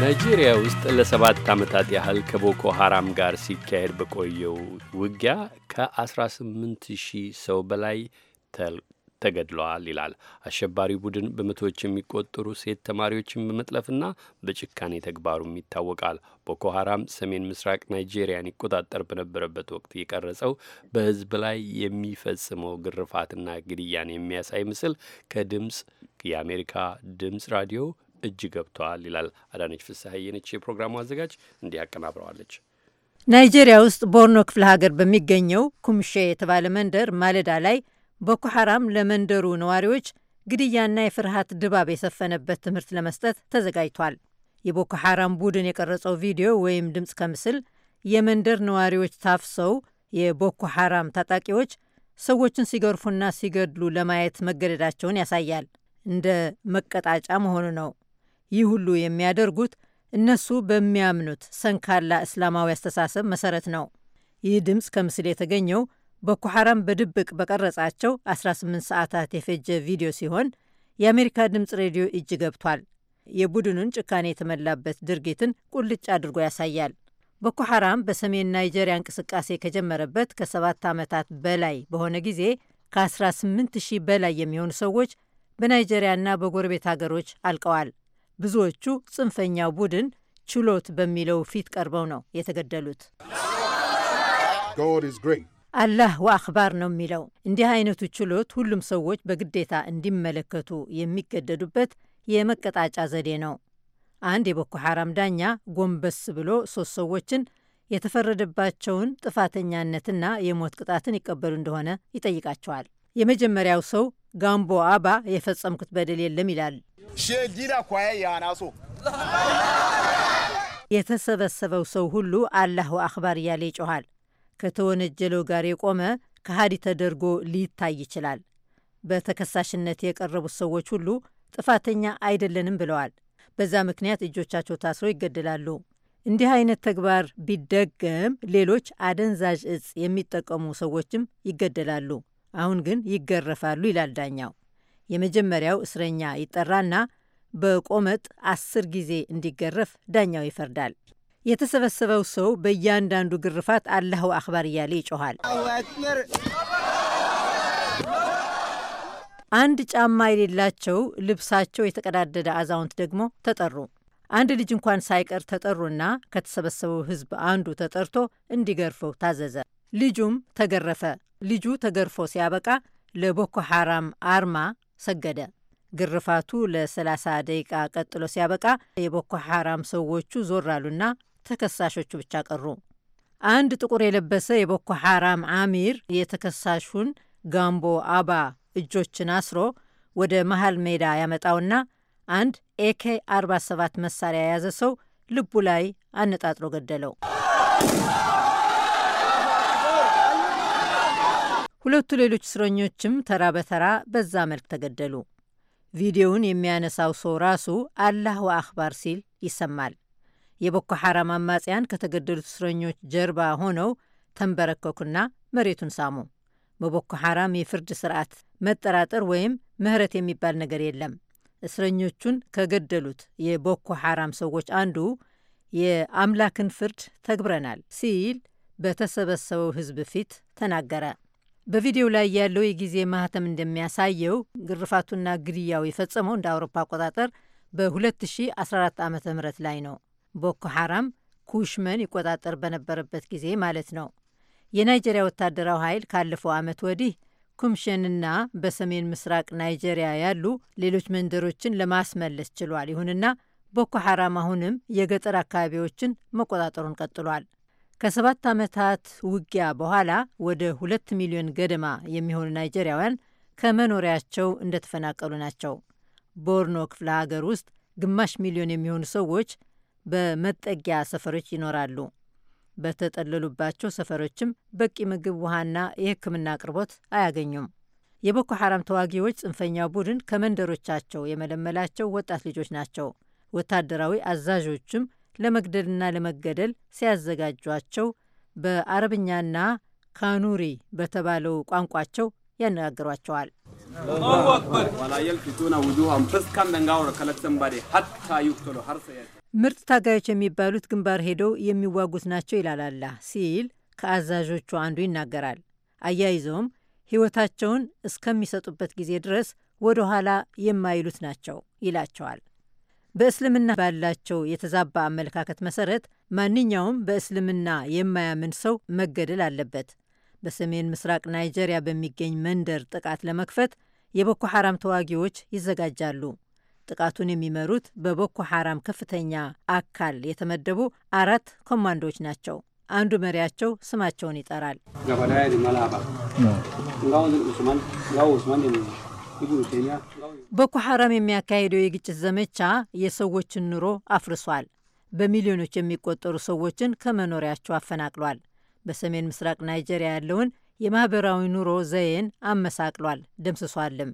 ናይጄሪያ ውስጥ ለሰባት ዓመታት ያህል ከቦኮ ሀራም ጋር ሲካሄድ በቆየው ውጊያ ከ18 ሺህ ሰው በላይ ተገድለዋል ይላል። አሸባሪው ቡድን በመቶዎች የሚቆጠሩ ሴት ተማሪዎችን በመጥለፍና በጭካኔ ተግባሩም ይታወቃል። ቦኮ ሀራም ሰሜን ምስራቅ ናይጄሪያን ይቆጣጠር በነበረበት ወቅት የቀረጸው በሕዝብ ላይ የሚፈጽመው ግርፋትና ግድያን የሚያሳይ ምስል ከድምፅ የአሜሪካ ድምፅ ራዲዮ እጅ ገብተዋል ይላል። አዳነች ፍስሐዬ የነች የፕሮግራሙ አዘጋጅ፣ እንዲህ አቀናብረዋለች። ናይጄሪያ ውስጥ ቦርኖ ክፍለ ሀገር በሚገኘው ኩምሼ የተባለ መንደር ማለዳ ላይ ቦኮ ሐራም ለመንደሩ ነዋሪዎች ግድያና የፍርሃት ድባብ የሰፈነበት ትምህርት ለመስጠት ተዘጋጅቷል። የቦኮ ሐራም ቡድን የቀረጸው ቪዲዮ ወይም ድምፅ ከምስል የመንደር ነዋሪዎች ታፍሰው የቦኮ ሐራም ታጣቂዎች ሰዎችን ሲገርፉና ሲገድሉ ለማየት መገደዳቸውን ያሳያል። እንደ መቀጣጫ መሆኑ ነው። ይህ ሁሉ የሚያደርጉት እነሱ በሚያምኑት ሰንካላ እስላማዊ አስተሳሰብ መሰረት ነው። ይህ ድምፅ ከምስል የተገኘው ቦኮ ሐራም በድብቅ በቀረጻቸው 18 ሰዓታት የፈጀ ቪዲዮ ሲሆን የአሜሪካ ድምፅ ሬዲዮ እጅ ገብቷል። የቡድኑን ጭካኔ የተሞላበት ድርጊትን ቁልጭ አድርጎ ያሳያል። ቦኮ ሐራም በሰሜን ናይጄሪያ እንቅስቃሴ ከጀመረበት ከሰባት ዓመታት በላይ በሆነ ጊዜ ከ18 ሺህ በላይ የሚሆኑ ሰዎች በናይጄሪያና በጎረቤት ሀገሮች አልቀዋል። ብዙዎቹ ጽንፈኛው ቡድን ችሎት በሚለው ፊት ቀርበው ነው የተገደሉት። አላህ ወአክባር ነው የሚለው እንዲህ አይነቱ ችሎት ሁሉም ሰዎች በግዴታ እንዲመለከቱ የሚገደዱበት የመቀጣጫ ዘዴ ነው። አንድ የቦኮ ሐራም ዳኛ ጎንበስ ብሎ ሶስት ሰዎችን የተፈረደባቸውን ጥፋተኛነትና የሞት ቅጣትን ይቀበሉ እንደሆነ ይጠይቃቸዋል። የመጀመሪያው ሰው ጋምቦ አባ የፈጸምኩት በደል የለም ይላል። ሼዲዳ ኳያ ያናሶ የተሰበሰበው ሰው ሁሉ አላሁ አክባር እያለ ይጮኋል። ከተወነጀለው ጋር የቆመ ከሃዲ ተደርጎ ሊታይ ይችላል። በተከሳሽነት የቀረቡት ሰዎች ሁሉ ጥፋተኛ አይደለንም ብለዋል። በዛ ምክንያት እጆቻቸው ታስረው ይገደላሉ። እንዲህ አይነት ተግባር ቢደገም ሌሎች አደንዛዥ እጽ የሚጠቀሙ ሰዎችም ይገደላሉ። አሁን ግን ይገረፋሉ ይላል ዳኛው። የመጀመሪያው እስረኛ ይጠራና በቆመጥ አስር ጊዜ እንዲገረፍ ዳኛው ይፈርዳል። የተሰበሰበው ሰው በእያንዳንዱ ግርፋት አላሁ አክባር እያለ ይጮኋል። አንድ ጫማ የሌላቸው ልብሳቸው የተቀዳደደ አዛውንት ደግሞ ተጠሩ። አንድ ልጅ እንኳን ሳይቀር ተጠሩና ከተሰበሰበው ሕዝብ አንዱ ተጠርቶ እንዲገርፈው ታዘዘ። ልጁም ተገረፈ። ልጁ ተገርፎ ሲያበቃ ለቦኮ ሐራም አርማ ሰገደ። ግርፋቱ ለ30 ደቂቃ ቀጥሎ ሲያበቃ የቦኮ ሐራም ሰዎቹ ዞር አሉና ተከሳሾቹ ብቻ ቀሩ። አንድ ጥቁር የለበሰ የቦኮ ሐራም አሚር የተከሳሹን ጋምቦ አባ እጆችን አስሮ ወደ መሃል ሜዳ ያመጣውና አንድ ኤኬ 47 መሳሪያ የያዘ ሰው ልቡ ላይ አነጣጥሮ ገደለው። ሁለቱ ሌሎች እስረኞችም ተራ በተራ በዛ መልክ ተገደሉ። ቪዲዮውን የሚያነሳው ሰው ራሱ አላሁ አክባር ሲል ይሰማል። የቦኮ ሐራም አማጽያን ከተገደሉት እስረኞች ጀርባ ሆነው ተንበረከኩና መሬቱን ሳሙ። በቦኮ ሐራም የፍርድ ስርዓት መጠራጠር ወይም ምህረት የሚባል ነገር የለም። እስረኞቹን ከገደሉት የቦኮ ሐራም ሰዎች አንዱ የአምላክን ፍርድ ተግብረናል ሲል በተሰበሰበው ሕዝብ ፊት ተናገረ። በቪዲዮው ላይ ያለው የጊዜ ማህተም እንደሚያሳየው ግርፋቱና ግድያው የፈጸመው እንደ አውሮፓ አቆጣጠር በ2014 ዓ ም ላይ ነው። ቦኮ ሐራም ኩሽመን ይቆጣጠር በነበረበት ጊዜ ማለት ነው። የናይጀሪያ ወታደራዊ ኃይል ካለፈው ዓመት ወዲህ ኩምሸንና በሰሜን ምስራቅ ናይጀሪያ ያሉ ሌሎች መንደሮችን ለማስመለስ ችሏል። ይሁንና ቦኮ ሐራም አሁንም የገጠር አካባቢዎችን መቆጣጠሩን ቀጥሏል። ከሰባት ዓመታት ውጊያ በኋላ ወደ ሁለት ሚሊዮን ገደማ የሚሆኑ ናይጄሪያውያን ከመኖሪያቸው እንደተፈናቀሉ ናቸው። ቦርኖ ክፍለ ሀገር ውስጥ ግማሽ ሚሊዮን የሚሆኑ ሰዎች በመጠጊያ ሰፈሮች ይኖራሉ። በተጠለሉባቸው ሰፈሮችም በቂ ምግብ፣ ውሃና የሕክምና አቅርቦት አያገኙም። የቦኮ ሐራም ተዋጊዎች ጽንፈኛው ቡድን ከመንደሮቻቸው የመለመላቸው ወጣት ልጆች ናቸው። ወታደራዊ አዛዦችም ለመግደልና ለመገደል ሲያዘጋጇቸው በአረብኛና ካኑሪ በተባለው ቋንቋቸው ያነጋግሯቸዋል። ምርጥ ታጋዮች የሚባሉት ግንባር ሄደው የሚዋጉት ናቸው ይላል ሲል ከአዛዦቹ አንዱ ይናገራል። አያይዘውም ሕይወታቸውን እስከሚሰጡበት ጊዜ ድረስ ወደ ኋላ የማይሉት ናቸው ይላቸዋል። በእስልምና ባላቸው የተዛባ አመለካከት መሰረት ማንኛውም በእስልምና የማያምን ሰው መገደል አለበት። በሰሜን ምስራቅ ናይጄሪያ በሚገኝ መንደር ጥቃት ለመክፈት የቦኮ ሐራም ተዋጊዎች ይዘጋጃሉ። ጥቃቱን የሚመሩት በቦኮ ሐራም ከፍተኛ አካል የተመደቡ አራት ኮማንዶዎች ናቸው። አንዱ መሪያቸው ስማቸውን ይጠራል። ቦኮ ሐራም የሚያካሂደው የግጭት ዘመቻ የሰዎችን ኑሮ አፍርሷል። በሚሊዮኖች የሚቆጠሩ ሰዎችን ከመኖሪያቸው አፈናቅሏል። በሰሜን ምስራቅ ናይጄሪያ ያለውን የማኅበራዊ ኑሮ ዘዬን አመሳቅሏል፣ ደምስሷልም።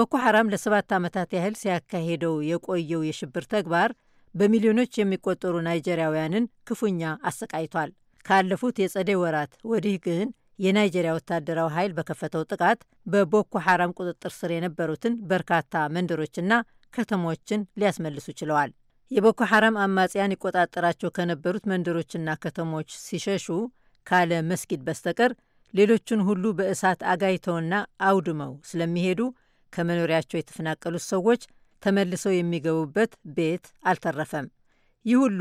ቦኮ ሐራም ለሰባት ዓመታት ያህል ሲያካሄደው የቆየው የሽብር ተግባር በሚሊዮኖች የሚቆጠሩ ናይጄሪያውያንን ክፉኛ አሰቃይቷል። ካለፉት የጸደይ ወራት ወዲህ ግን የናይጄሪያ ወታደራዊ ኃይል በከፈተው ጥቃት በቦኮ ሐራም ቁጥጥር ስር የነበሩትን በርካታ መንደሮችና ከተሞችን ሊያስመልሱ ችለዋል። የቦኮ ሐራም አማጽያን ይቆጣጠራቸው ከነበሩት መንደሮችና ከተሞች ሲሸሹ ካለ መስጊድ በስተቀር ሌሎቹን ሁሉ በእሳት አጋይተውና አውድመው ስለሚሄዱ ከመኖሪያቸው የተፈናቀሉት ሰዎች ተመልሰው የሚገቡበት ቤት አልተረፈም። ይህ ሁሉ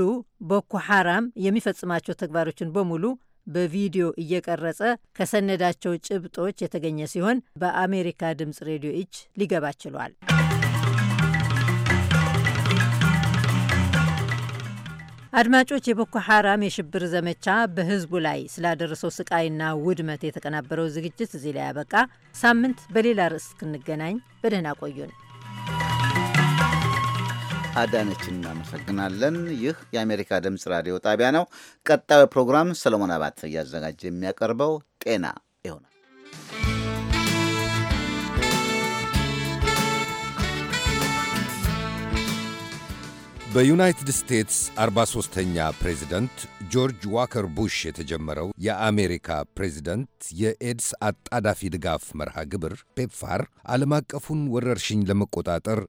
ቦኮ ሐራም የሚፈጽማቸው ተግባሮችን በሙሉ በቪዲዮ እየቀረጸ ከሰነዳቸው ጭብጦች የተገኘ ሲሆን በአሜሪካ ድምፅ ሬዲዮ እጅ ሊገባ ችሏል። አድማጮች፣ የቦኮ ሐራም የሽብር ዘመቻ በህዝቡ ላይ ስላደረሰው ስቃይና ውድመት የተቀናበረው ዝግጅት እዚህ ላይ ያበቃ። ሳምንት በሌላ ርዕስ እስክንገናኝ በደህና ቆዩን። አዳነችን እናመሰግናለን። ይህ የአሜሪካ ድምፅ ራዲዮ ጣቢያ ነው። ቀጣዩ ፕሮግራም ሰለሞን አባት እያዘጋጀ የሚያቀርበው ጤና ይሆናል። በዩናይትድ ስቴትስ 43ኛ ፕሬዚደንት ጆርጅ ዋከር ቡሽ የተጀመረው የአሜሪካ ፕሬዚደንት የኤድስ አጣዳፊ ድጋፍ መርሃ ግብር ፔፕፋር ዓለም አቀፉን ወረርሽኝ ለመቆጣጠር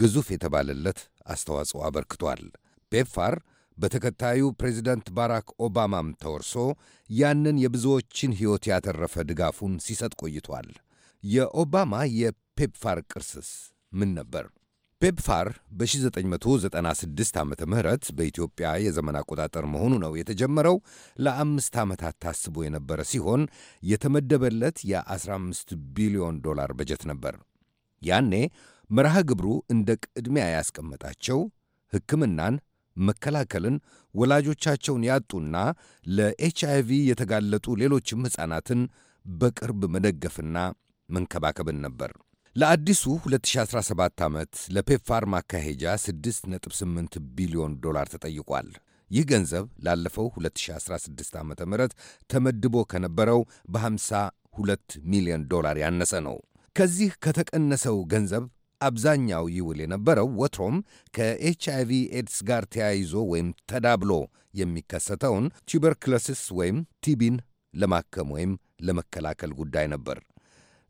ግዙፍ የተባለለት አስተዋጽኦ አበርክቷል። ፔፕፋር በተከታዩ ፕሬዚደንት ባራክ ኦባማም ተወርሶ ያንን የብዙዎችን ሕይወት ያተረፈ ድጋፉን ሲሰጥ ቆይቷል። የኦባማ የፔፕፋር ቅርስስ ምን ነበር? ፔፕፋር በ1996 ዓ ም በኢትዮጵያ የዘመን አቆጣጠር መሆኑ ነው የተጀመረው። ለአምስት ዓመታት ታስቦ የነበረ ሲሆን የተመደበለት የ15 ቢሊዮን ዶላር በጀት ነበር። ያኔ መርሃ ግብሩ እንደ ቅድሚያ ያስቀመጣቸው ሕክምናን፣ መከላከልን፣ ወላጆቻቸውን ያጡና ለኤች አይ ቪ የተጋለጡ ሌሎችም ሕፃናትን በቅርብ መደገፍና መንከባከብን ነበር። ለአዲሱ 2017 ዓመት ለፔፕፋር ማካሄጃ 6.8 ቢሊዮን ዶላር ተጠይቋል። ይህ ገንዘብ ላለፈው 2016 ዓ ም ተመድቦ ከነበረው በ52 ሚሊዮን ዶላር ያነሰ ነው። ከዚህ ከተቀነሰው ገንዘብ አብዛኛው ይውል የነበረው ወትሮም ከኤችአይቪ ኤድስ ጋር ተያይዞ ወይም ተዳብሎ የሚከሰተውን ቱበርክሎሲስ ወይም ቲቢን ለማከም ወይም ለመከላከል ጉዳይ ነበር።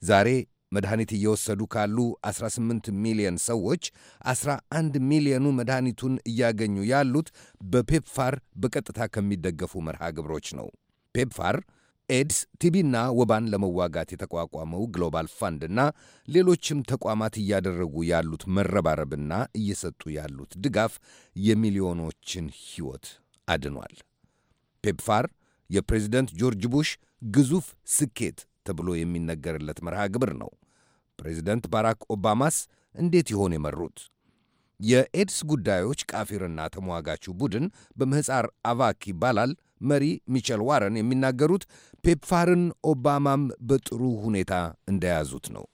ዛሬ መድኃኒት እየወሰዱ ካሉ 18 ሚሊዮን ሰዎች 11 ሚሊዮኑ መድኃኒቱን እያገኙ ያሉት በፔፕፋር በቀጥታ ከሚደገፉ መርሃ ግብሮች ነው። ፔፕፋር ኤድስ፣ ቲቢና ወባን ለመዋጋት የተቋቋመው ግሎባል ፋንድና ሌሎችም ተቋማት እያደረጉ ያሉት መረባረብና እየሰጡ ያሉት ድጋፍ የሚሊዮኖችን ሕይወት አድኗል። ፔፕፋር የፕሬዚደንት ጆርጅ ቡሽ ግዙፍ ስኬት ተብሎ የሚነገርለት መርሃ ግብር ነው። ፕሬዚደንት ባራክ ኦባማስ እንዴት ይሆን የመሩት? የኤድስ ጉዳዮች ቃፊርና ተሟጋቹ ቡድን በምሕፃር አቫክ ይባላል መሪ ሚቸል ዋረን የሚናገሩት ፔፕፋርን ኦባማም በጥሩ ሁኔታ እንደያዙት ነው።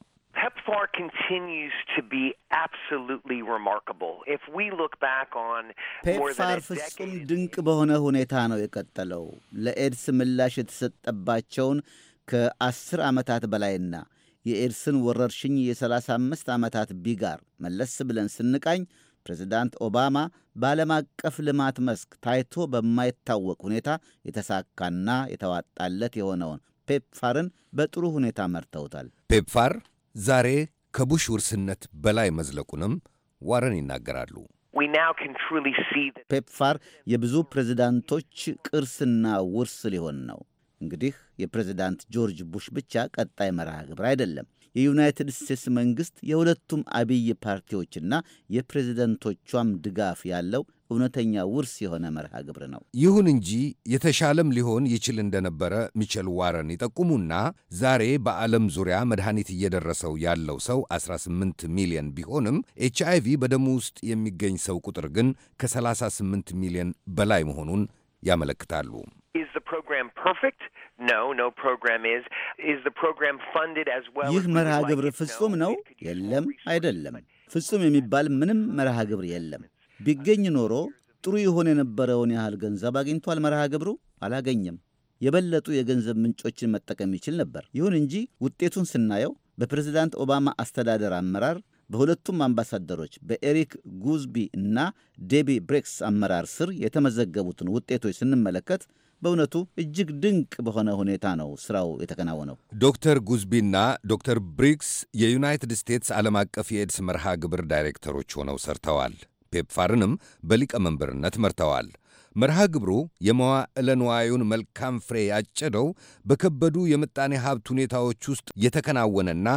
PEPFAR continues to be absolutely remarkable. If we look back on ፔፕፋር ፍጹም ድንቅ በሆነ ሁኔታ ነው የቀጠለው። ለኤድስ ምላሽ የተሰጠባቸውን ከአስር ዓመታት በላይና የኤድስን ወረርሽኝ የ35 ዓመታት ቢጋር መለስ ብለን ስንቃኝ ፕሬዚዳንት ኦባማ በዓለም አቀፍ ልማት መስክ ታይቶ በማይታወቅ ሁኔታ የተሳካና የተዋጣለት የሆነውን ፔፕፋርን በጥሩ ሁኔታ መርተውታል። ፔፕፋር ዛሬ ከቡሽ ውርስነት በላይ መዝለቁንም ዋረን ይናገራሉ። ፔፕፋር የብዙ ፕሬዚዳንቶች ቅርስና ውርስ ሊሆን ነው። እንግዲህ የፕሬዚዳንት ጆርጅ ቡሽ ብቻ ቀጣይ መርሃ ግብር አይደለም። የዩናይትድ ስቴትስ መንግሥት የሁለቱም አብይ ፓርቲዎችና የፕሬዝደንቶቿም ድጋፍ ያለው እውነተኛ ውርስ የሆነ መርሃ ግብር ነው። ይሁን እንጂ የተሻለም ሊሆን ይችል እንደነበረ ሚቸል ዋረን ይጠቁሙና ዛሬ በዓለም ዙሪያ መድኃኒት እየደረሰው ያለው ሰው 18 ሚሊዮን ቢሆንም ኤች አይቪ በደሙ ውስጥ የሚገኝ ሰው ቁጥር ግን ከ38 ሚሊዮን በላይ መሆኑን ያመለክታሉ። ይህ መርሃ ግብር ፍጹም ነው? የለም፣ አይደለም። ፍጹም የሚባል ምንም መርሃ ግብር የለም። ቢገኝ ኖሮ ጥሩ የሆነ የነበረውን ያህል ገንዘብ አግኝቷል መርሃ ግብሩ? አላገኘም። የበለጡ የገንዘብ ምንጮችን መጠቀም ይችል ነበር። ይሁን እንጂ ውጤቱን ስናየው በፕሬዚዳንት ኦባማ አስተዳደር አመራር በሁለቱም አምባሳደሮች በኤሪክ ጉዝቢ እና ዴቢ ብሬክስ አመራር ስር የተመዘገቡትን ውጤቶች ስንመለከት በእውነቱ እጅግ ድንቅ በሆነ ሁኔታ ነው ስራው የተከናወነው። ዶክተር ጉዝቢና ዶክተር ብሪክስ የዩናይትድ ስቴትስ ዓለም አቀፍ የኤድስ መርሃ ግብር ዳይሬክተሮች ሆነው ሰርተዋል። ፔፕፋርንም በሊቀመንበርነት መርተዋል። መርሃ ግብሩ የመዋዕለ ንዋዩን መልካም ፍሬ ያጨደው በከበዱ የምጣኔ ሀብት ሁኔታዎች ውስጥ የተከናወነና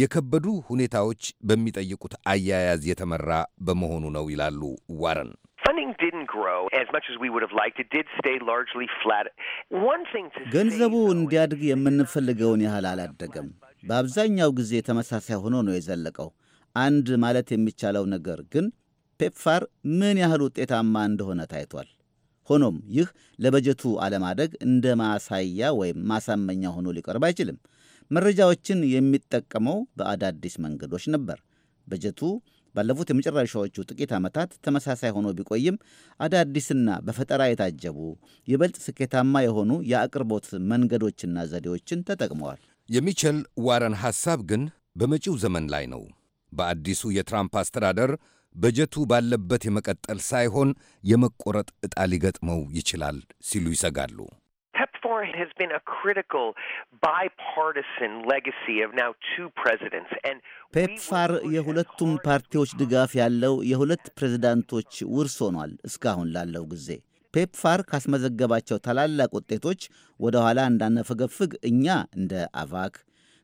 የከበዱ ሁኔታዎች በሚጠይቁት አያያዝ የተመራ በመሆኑ ነው ይላሉ ዋረን። ገንዘቡ እንዲያድግ የምንፈልገውን ያህል አላደገም። በአብዛኛው ጊዜ ተመሳሳይ ሆኖ ነው የዘለቀው። አንድ ማለት የሚቻለው ነገር ግን ፔፕፋር ምን ያህል ውጤታማ እንደሆነ ታይቷል። ሆኖም ይህ ለበጀቱ አለማደግ እንደ ማሳያ ወይም ማሳመኛ ሆኖ ሊቀርብ አይችልም። መረጃዎችን የሚጠቀመው በአዳዲስ መንገዶች ነበር። በጀቱ ባለፉት የመጨረሻዎቹ ጥቂት ዓመታት ተመሳሳይ ሆኖ ቢቆይም አዳዲስና በፈጠራ የታጀቡ ይበልጥ ስኬታማ የሆኑ የአቅርቦት መንገዶችና ዘዴዎችን ተጠቅመዋል። የሚቸል ዋረን ሐሳብ ግን በመጪው ዘመን ላይ ነው። በአዲሱ የትራምፕ አስተዳደር በጀቱ ባለበት የመቀጠል ሳይሆን የመቆረጥ ዕጣ ሊገጥመው ይችላል ሲሉ ይሰጋሉ። ፔፕፋር የሁለቱም ፓርቲዎች ድጋፍ ያለው የሁለት ፕሬዝዳንቶች ውርስ ሆኗል። እስካሁን ላለው ጊዜ ፔፕፋር ካስመዘገባቸው ታላላቅ ውጤቶች ወደ ኋላ እንዳነፈገፍግ እኛ እንደ አቫክ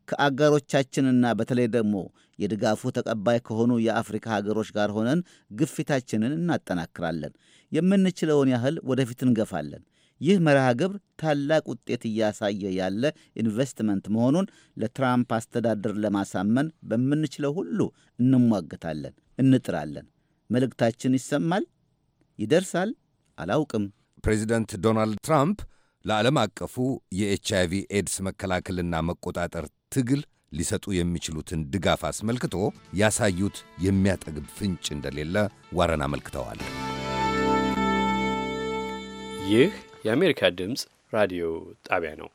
ከአጋሮቻችንና በተለይ ደግሞ የድጋፉ ተቀባይ ከሆኑ የአፍሪካ ሀገሮች ጋር ሆነን ግፊታችንን እናጠናክራለን። የምንችለውን ያህል ወደፊት እንገፋለን። ይህ መርሃ ግብር ታላቅ ውጤት እያሳየ ያለ ኢንቨስትመንት መሆኑን ለትራምፕ አስተዳደር ለማሳመን በምንችለው ሁሉ እንሟገታለን፣ እንጥራለን። መልእክታችን ይሰማል፣ ይደርሳል? አላውቅም። ፕሬዚደንት ዶናልድ ትራምፕ ለዓለም አቀፉ የኤች አይቪ ኤድስ መከላከልና መቆጣጠር ትግል ሊሰጡ የሚችሉትን ድጋፍ አስመልክቶ ያሳዩት የሚያጠግብ ፍንጭ እንደሌለ ዋረን አመልክተዋል። ይህ የአሜሪካ ድምፅ ራዲዮ ጣቢያ ነው።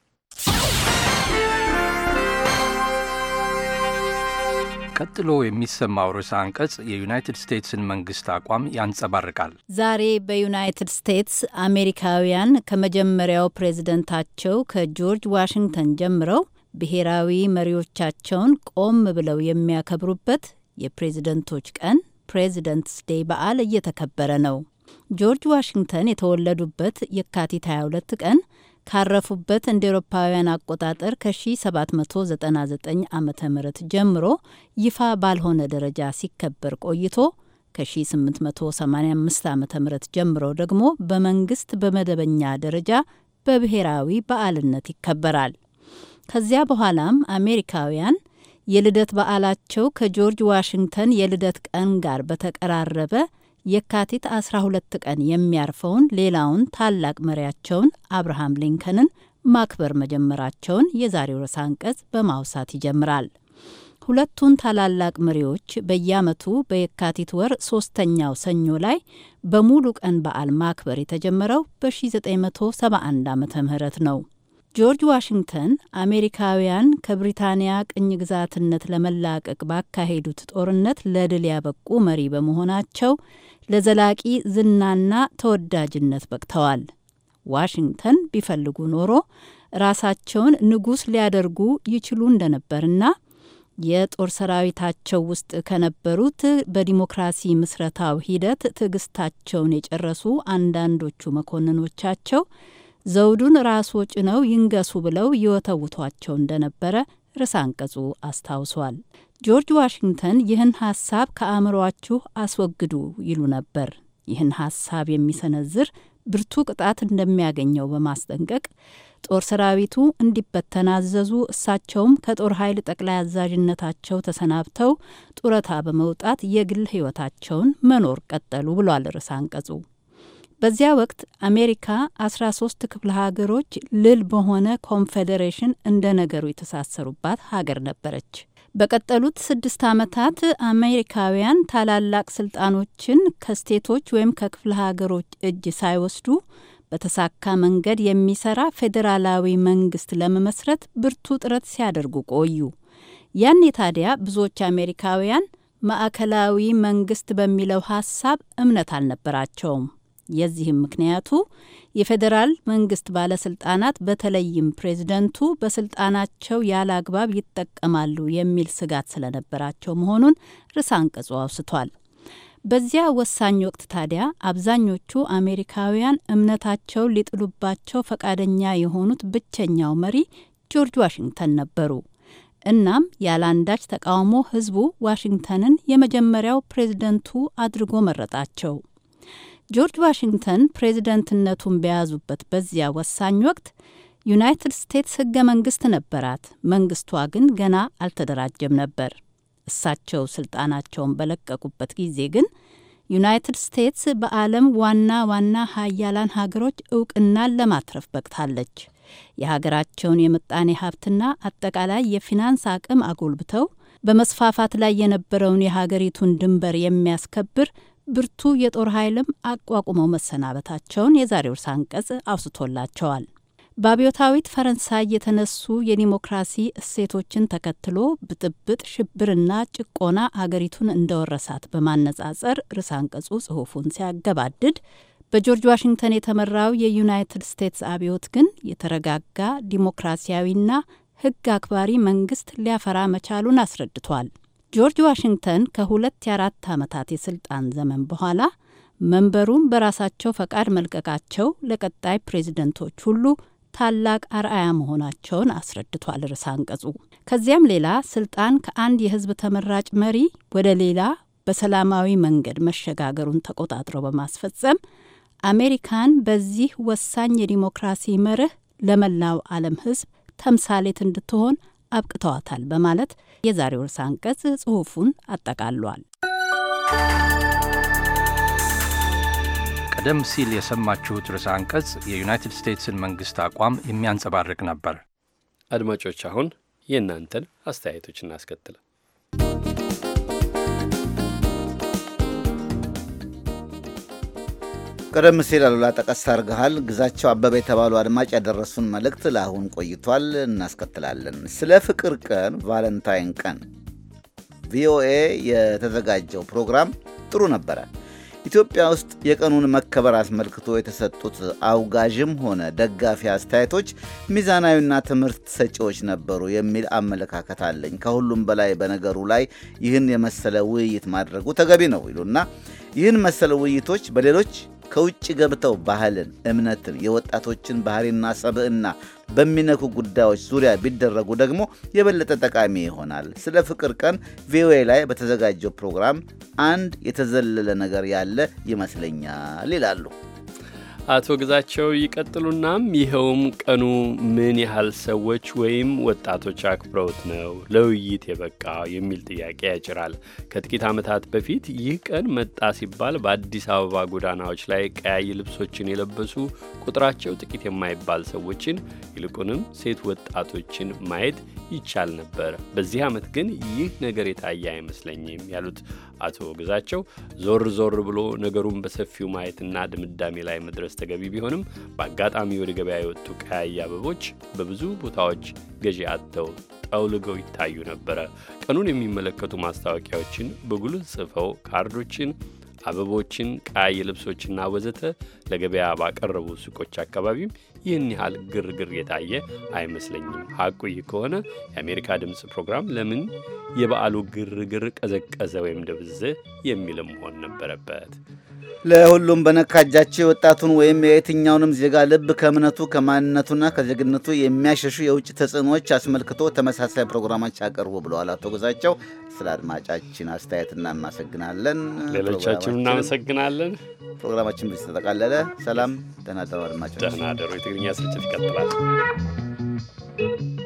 ቀጥሎ የሚሰማው ርዕሰ አንቀጽ የዩናይትድ ስቴትስን መንግስት አቋም ያንጸባርቃል። ዛሬ በዩናይትድ ስቴትስ አሜሪካውያን ከመጀመሪያው ፕሬዝደንታቸው ከጆርጅ ዋሽንግተን ጀምረው ብሔራዊ መሪዎቻቸውን ቆም ብለው የሚያከብሩበት የፕሬዝደንቶች ቀን ፕሬዝደንትስ ዴይ በዓል እየተከበረ ነው። ጆርጅ ዋሽንግተን የተወለዱበት የካቲት 22 ቀን ካረፉበት እንደ ኤሮፓውያን አቆጣጠር ከ1799 ዓ ም ጀምሮ ይፋ ባልሆነ ደረጃ ሲከበር ቆይቶ ከ1885 ዓ ም ጀምሮ ደግሞ በመንግስት በመደበኛ ደረጃ በብሔራዊ በዓልነት ይከበራል። ከዚያ በኋላም አሜሪካውያን የልደት በዓላቸው ከጆርጅ ዋሽንግተን የልደት ቀን ጋር በተቀራረበ የካቲት 12 ቀን የሚያርፈውን ሌላውን ታላቅ መሪያቸውን አብርሃም ሊንከንን ማክበር መጀመራቸውን የዛሬው ርዕሰ አንቀጽ በማውሳት ይጀምራል። ሁለቱን ታላላቅ መሪዎች በየዓመቱ በየካቲት ወር ሶስተኛው ሰኞ ላይ በሙሉ ቀን በዓል ማክበር የተጀመረው በ1971 ዓ ም ነው። ጆርጅ ዋሽንግተን አሜሪካውያን ከብሪታንያ ቅኝ ግዛትነት ለመላቀቅ ባካሄዱት ጦርነት ለድል ያበቁ መሪ በመሆናቸው ለዘላቂ ዝናና ተወዳጅነት በቅተዋል። ዋሽንግተን ቢፈልጉ ኖሮ ራሳቸውን ንጉሥ ሊያደርጉ ይችሉ እንደነበርና የጦር ሰራዊታቸው ውስጥ ከነበሩት በዲሞክራሲ ምስረታው ሂደት ትዕግስታቸውን የጨረሱ አንዳንዶቹ መኮንኖቻቸው ዘውዱን ራስዎ ጭነው ይንገሱ ብለው ይወተውቷቸው እንደነበረ ርዕሰ አንቀጹ አስታውሷል። ጆርጅ ዋሽንግተን ይህን ሀሳብ ከአእምሯችሁ አስወግዱ ይሉ ነበር። ይህን ሀሳብ የሚሰነዝር ብርቱ ቅጣት እንደሚያገኘው በማስጠንቀቅ ጦር ሰራዊቱ እንዲበተን አዘዙ። እሳቸውም ከጦር ኃይል ጠቅላይ አዛዥነታቸው ተሰናብተው ጡረታ በመውጣት የግል ሕይወታቸውን መኖር ቀጠሉ ብሏል ርዕሰ አንቀጹ። በዚያ ወቅት አሜሪካ 13 ክፍለ ሀገሮች ልል በሆነ ኮንፌዴሬሽን እንደ ነገሩ የተሳሰሩባት ሀገር ነበረች። በቀጠሉት ስድስት ዓመታት አሜሪካውያን ታላላቅ ስልጣኖችን ከስቴቶች ወይም ከክፍለ ሀገሮች እጅ ሳይወስዱ በተሳካ መንገድ የሚሰራ ፌዴራላዊ መንግስት ለመመስረት ብርቱ ጥረት ሲያደርጉ ቆዩ። ያኔ ታዲያ ብዙዎች አሜሪካውያን ማዕከላዊ መንግስት በሚለው ሀሳብ እምነት አልነበራቸውም። የዚህም ምክንያቱ የፌዴራል መንግስት ባለስልጣናት በተለይም ፕሬዝደንቱ በስልጣናቸው ያለ አግባብ ይጠቀማሉ የሚል ስጋት ስለነበራቸው መሆኑን ርዕሰ አንቀጹ አውስቷል። በዚያ ወሳኝ ወቅት ታዲያ አብዛኞቹ አሜሪካውያን እምነታቸው ሊጥሉባቸው ፈቃደኛ የሆኑት ብቸኛው መሪ ጆርጅ ዋሽንግተን ነበሩ። እናም ያለአንዳች ተቃውሞ ህዝቡ ዋሽንግተንን የመጀመሪያው ፕሬዝደንቱ አድርጎ መረጣቸው። ጆርጅ ዋሽንግተን ፕሬዝደንትነቱን በያዙበት በዚያ ወሳኝ ወቅት ዩናይትድ ስቴትስ ህገ መንግስት ነበራት። መንግስቷ ግን ገና አልተደራጀም ነበር። እሳቸው ስልጣናቸውን በለቀቁበት ጊዜ ግን ዩናይትድ ስቴትስ በዓለም ዋና ዋና ሀያላን ሀገሮች እውቅናን ለማትረፍ በቅታለች። የሀገራቸውን የምጣኔ ሀብትና አጠቃላይ የፊናንስ አቅም አጎልብተው በመስፋፋት ላይ የነበረውን የሀገሪቱን ድንበር የሚያስከብር ብርቱ የጦር ኃይልም አቋቁመው መሰናበታቸውን የዛሬው ርዕሰ አንቀጽ አውስቶላቸዋል። በአብዮታዊት ፈረንሳይ የተነሱ የዲሞክራሲ እሴቶችን ተከትሎ ብጥብጥ፣ ሽብርና ጭቆና ሀገሪቱን እንደወረሳት በማነጻጸር ርዕሰ አንቀጹ ጽሑፉን ሲያገባድድ በጆርጅ ዋሽንግተን የተመራው የዩናይትድ ስቴትስ አብዮት ግን የተረጋጋ ዲሞክራሲያዊና ሕግ አክባሪ መንግስት ሊያፈራ መቻሉን አስረድቷል። ጆርጅ ዋሽንግተን ከሁለት የአራት ዓመታት የስልጣን ዘመን በኋላ መንበሩን በራሳቸው ፈቃድ መልቀቃቸው ለቀጣይ ፕሬዝደንቶች ሁሉ ታላቅ አርአያ መሆናቸውን አስረድቷል ርዕሰ አንቀጹ። ከዚያም ሌላ ስልጣን ከአንድ የህዝብ ተመራጭ መሪ ወደ ሌላ በሰላማዊ መንገድ መሸጋገሩን ተቆጣጥረው በማስፈጸም አሜሪካን በዚህ ወሳኝ የዲሞክራሲ መርህ ለመላው ዓለም ህዝብ ተምሳሌት እንድትሆን አብቅተዋታል በማለት የዛሬው ርዕሰ አንቀጽ ጽሑፉን አጠቃሏል። ቀደም ሲል የሰማችሁት ርዕሰ አንቀጽ የዩናይትድ ስቴትስን መንግሥት አቋም የሚያንጸባርቅ ነበር። አድማጮች፣ አሁን የእናንተን አስተያየቶች እናስከትለን። ቀደም ሲል አሉላ ጠቀስ አድርገሃል። ግዛቸው አበበ የተባሉ አድማጭ ያደረሱን መልእክት ለአሁን ቆይቷል፣ እናስከትላለን። ስለ ፍቅር ቀን ቫለንታይን ቀን ቪኦኤ የተዘጋጀው ፕሮግራም ጥሩ ነበረ። ኢትዮጵያ ውስጥ የቀኑን መከበር አስመልክቶ የተሰጡት አውጋዥም ሆነ ደጋፊ አስተያየቶች ሚዛናዊና ትምህርት ሰጪዎች ነበሩ የሚል አመለካከት አለኝ። ከሁሉም በላይ በነገሩ ላይ ይህን የመሰለ ውይይት ማድረጉ ተገቢ ነው ይሉና ይህን መሰለ ውይይቶች በሌሎች ከውጭ ገብተው ባህልን፣ እምነትን፣ የወጣቶችን ባህሪና ሰብዕና በሚነኩ ጉዳዮች ዙሪያ ቢደረጉ ደግሞ የበለጠ ጠቃሚ ይሆናል። ስለ ፍቅር ቀን ቪኦኤ ላይ በተዘጋጀው ፕሮግራም አንድ የተዘለለ ነገር ያለ ይመስለኛል ይላሉ። አቶ ግዛቸው ይቀጥሉናም ይኸውም ቀኑ ምን ያህል ሰዎች ወይም ወጣቶች አክብረውት ነው ለውይይት የበቃ የሚል ጥያቄ ያጭራል። ከጥቂት ዓመታት በፊት ይህ ቀን መጣ ሲባል በአዲስ አበባ ጎዳናዎች ላይ ቀያይ ልብሶችን የለበሱ ቁጥራቸው ጥቂት የማይባል ሰዎችን ይልቁንም ሴት ወጣቶችን ማየት ይቻል ነበር። በዚህ ዓመት ግን ይህ ነገር የታየ አይመስለኝም ያሉት አቶ ግዛቸው ዞር ዞር ብሎ ነገሩን በሰፊው ማየትና ድምዳሜ ላይ መድረስ ተገቢ ቢሆንም በአጋጣሚ ወደ ገበያ የወጡ ቀያይ አበቦች በብዙ ቦታዎች ገዢ አጥተው ጠውልገው ይታዩ ነበረ። ቀኑን የሚመለከቱ ማስታወቂያዎችን በጉልህ ጽፈው ካርዶችን አበቦችን፣ ቀያይ ልብሶችና ወዘተ ለገበያ ባቀረቡ ሱቆች አካባቢም ይህን ያህል ግርግር የታየ አይመስለኝም። ሀቁ ይህ ከሆነ የአሜሪካ ድምፅ ፕሮግራም ለምን የበዓሉ ግርግር ቀዘቀዘ ወይም ደብዘ የሚል መሆን ነበረበት። ለሁሉም በነካጃቸው የወጣቱን ወይም የየትኛውንም ዜጋ ልብ ከእምነቱ ከማንነቱና ከዜግነቱ የሚያሸሹ የውጭ ተጽዕኖዎች አስመልክቶ ተመሳሳይ ፕሮግራሞች አቀርቡ ብለዋል አቶ ገዛቸው። ስለ አድማጫችን አስተያየት እናመሰግናለን። ሌሎቻችን እናመሰግናለን። ፕሮግራማችን ብዙ ተጠቃለለ። ሰላም ደህና ደሩ አድማጮች፣ ደህና ደሩ። የትግርኛ ስርጭት ይቀጥላል። Thank you.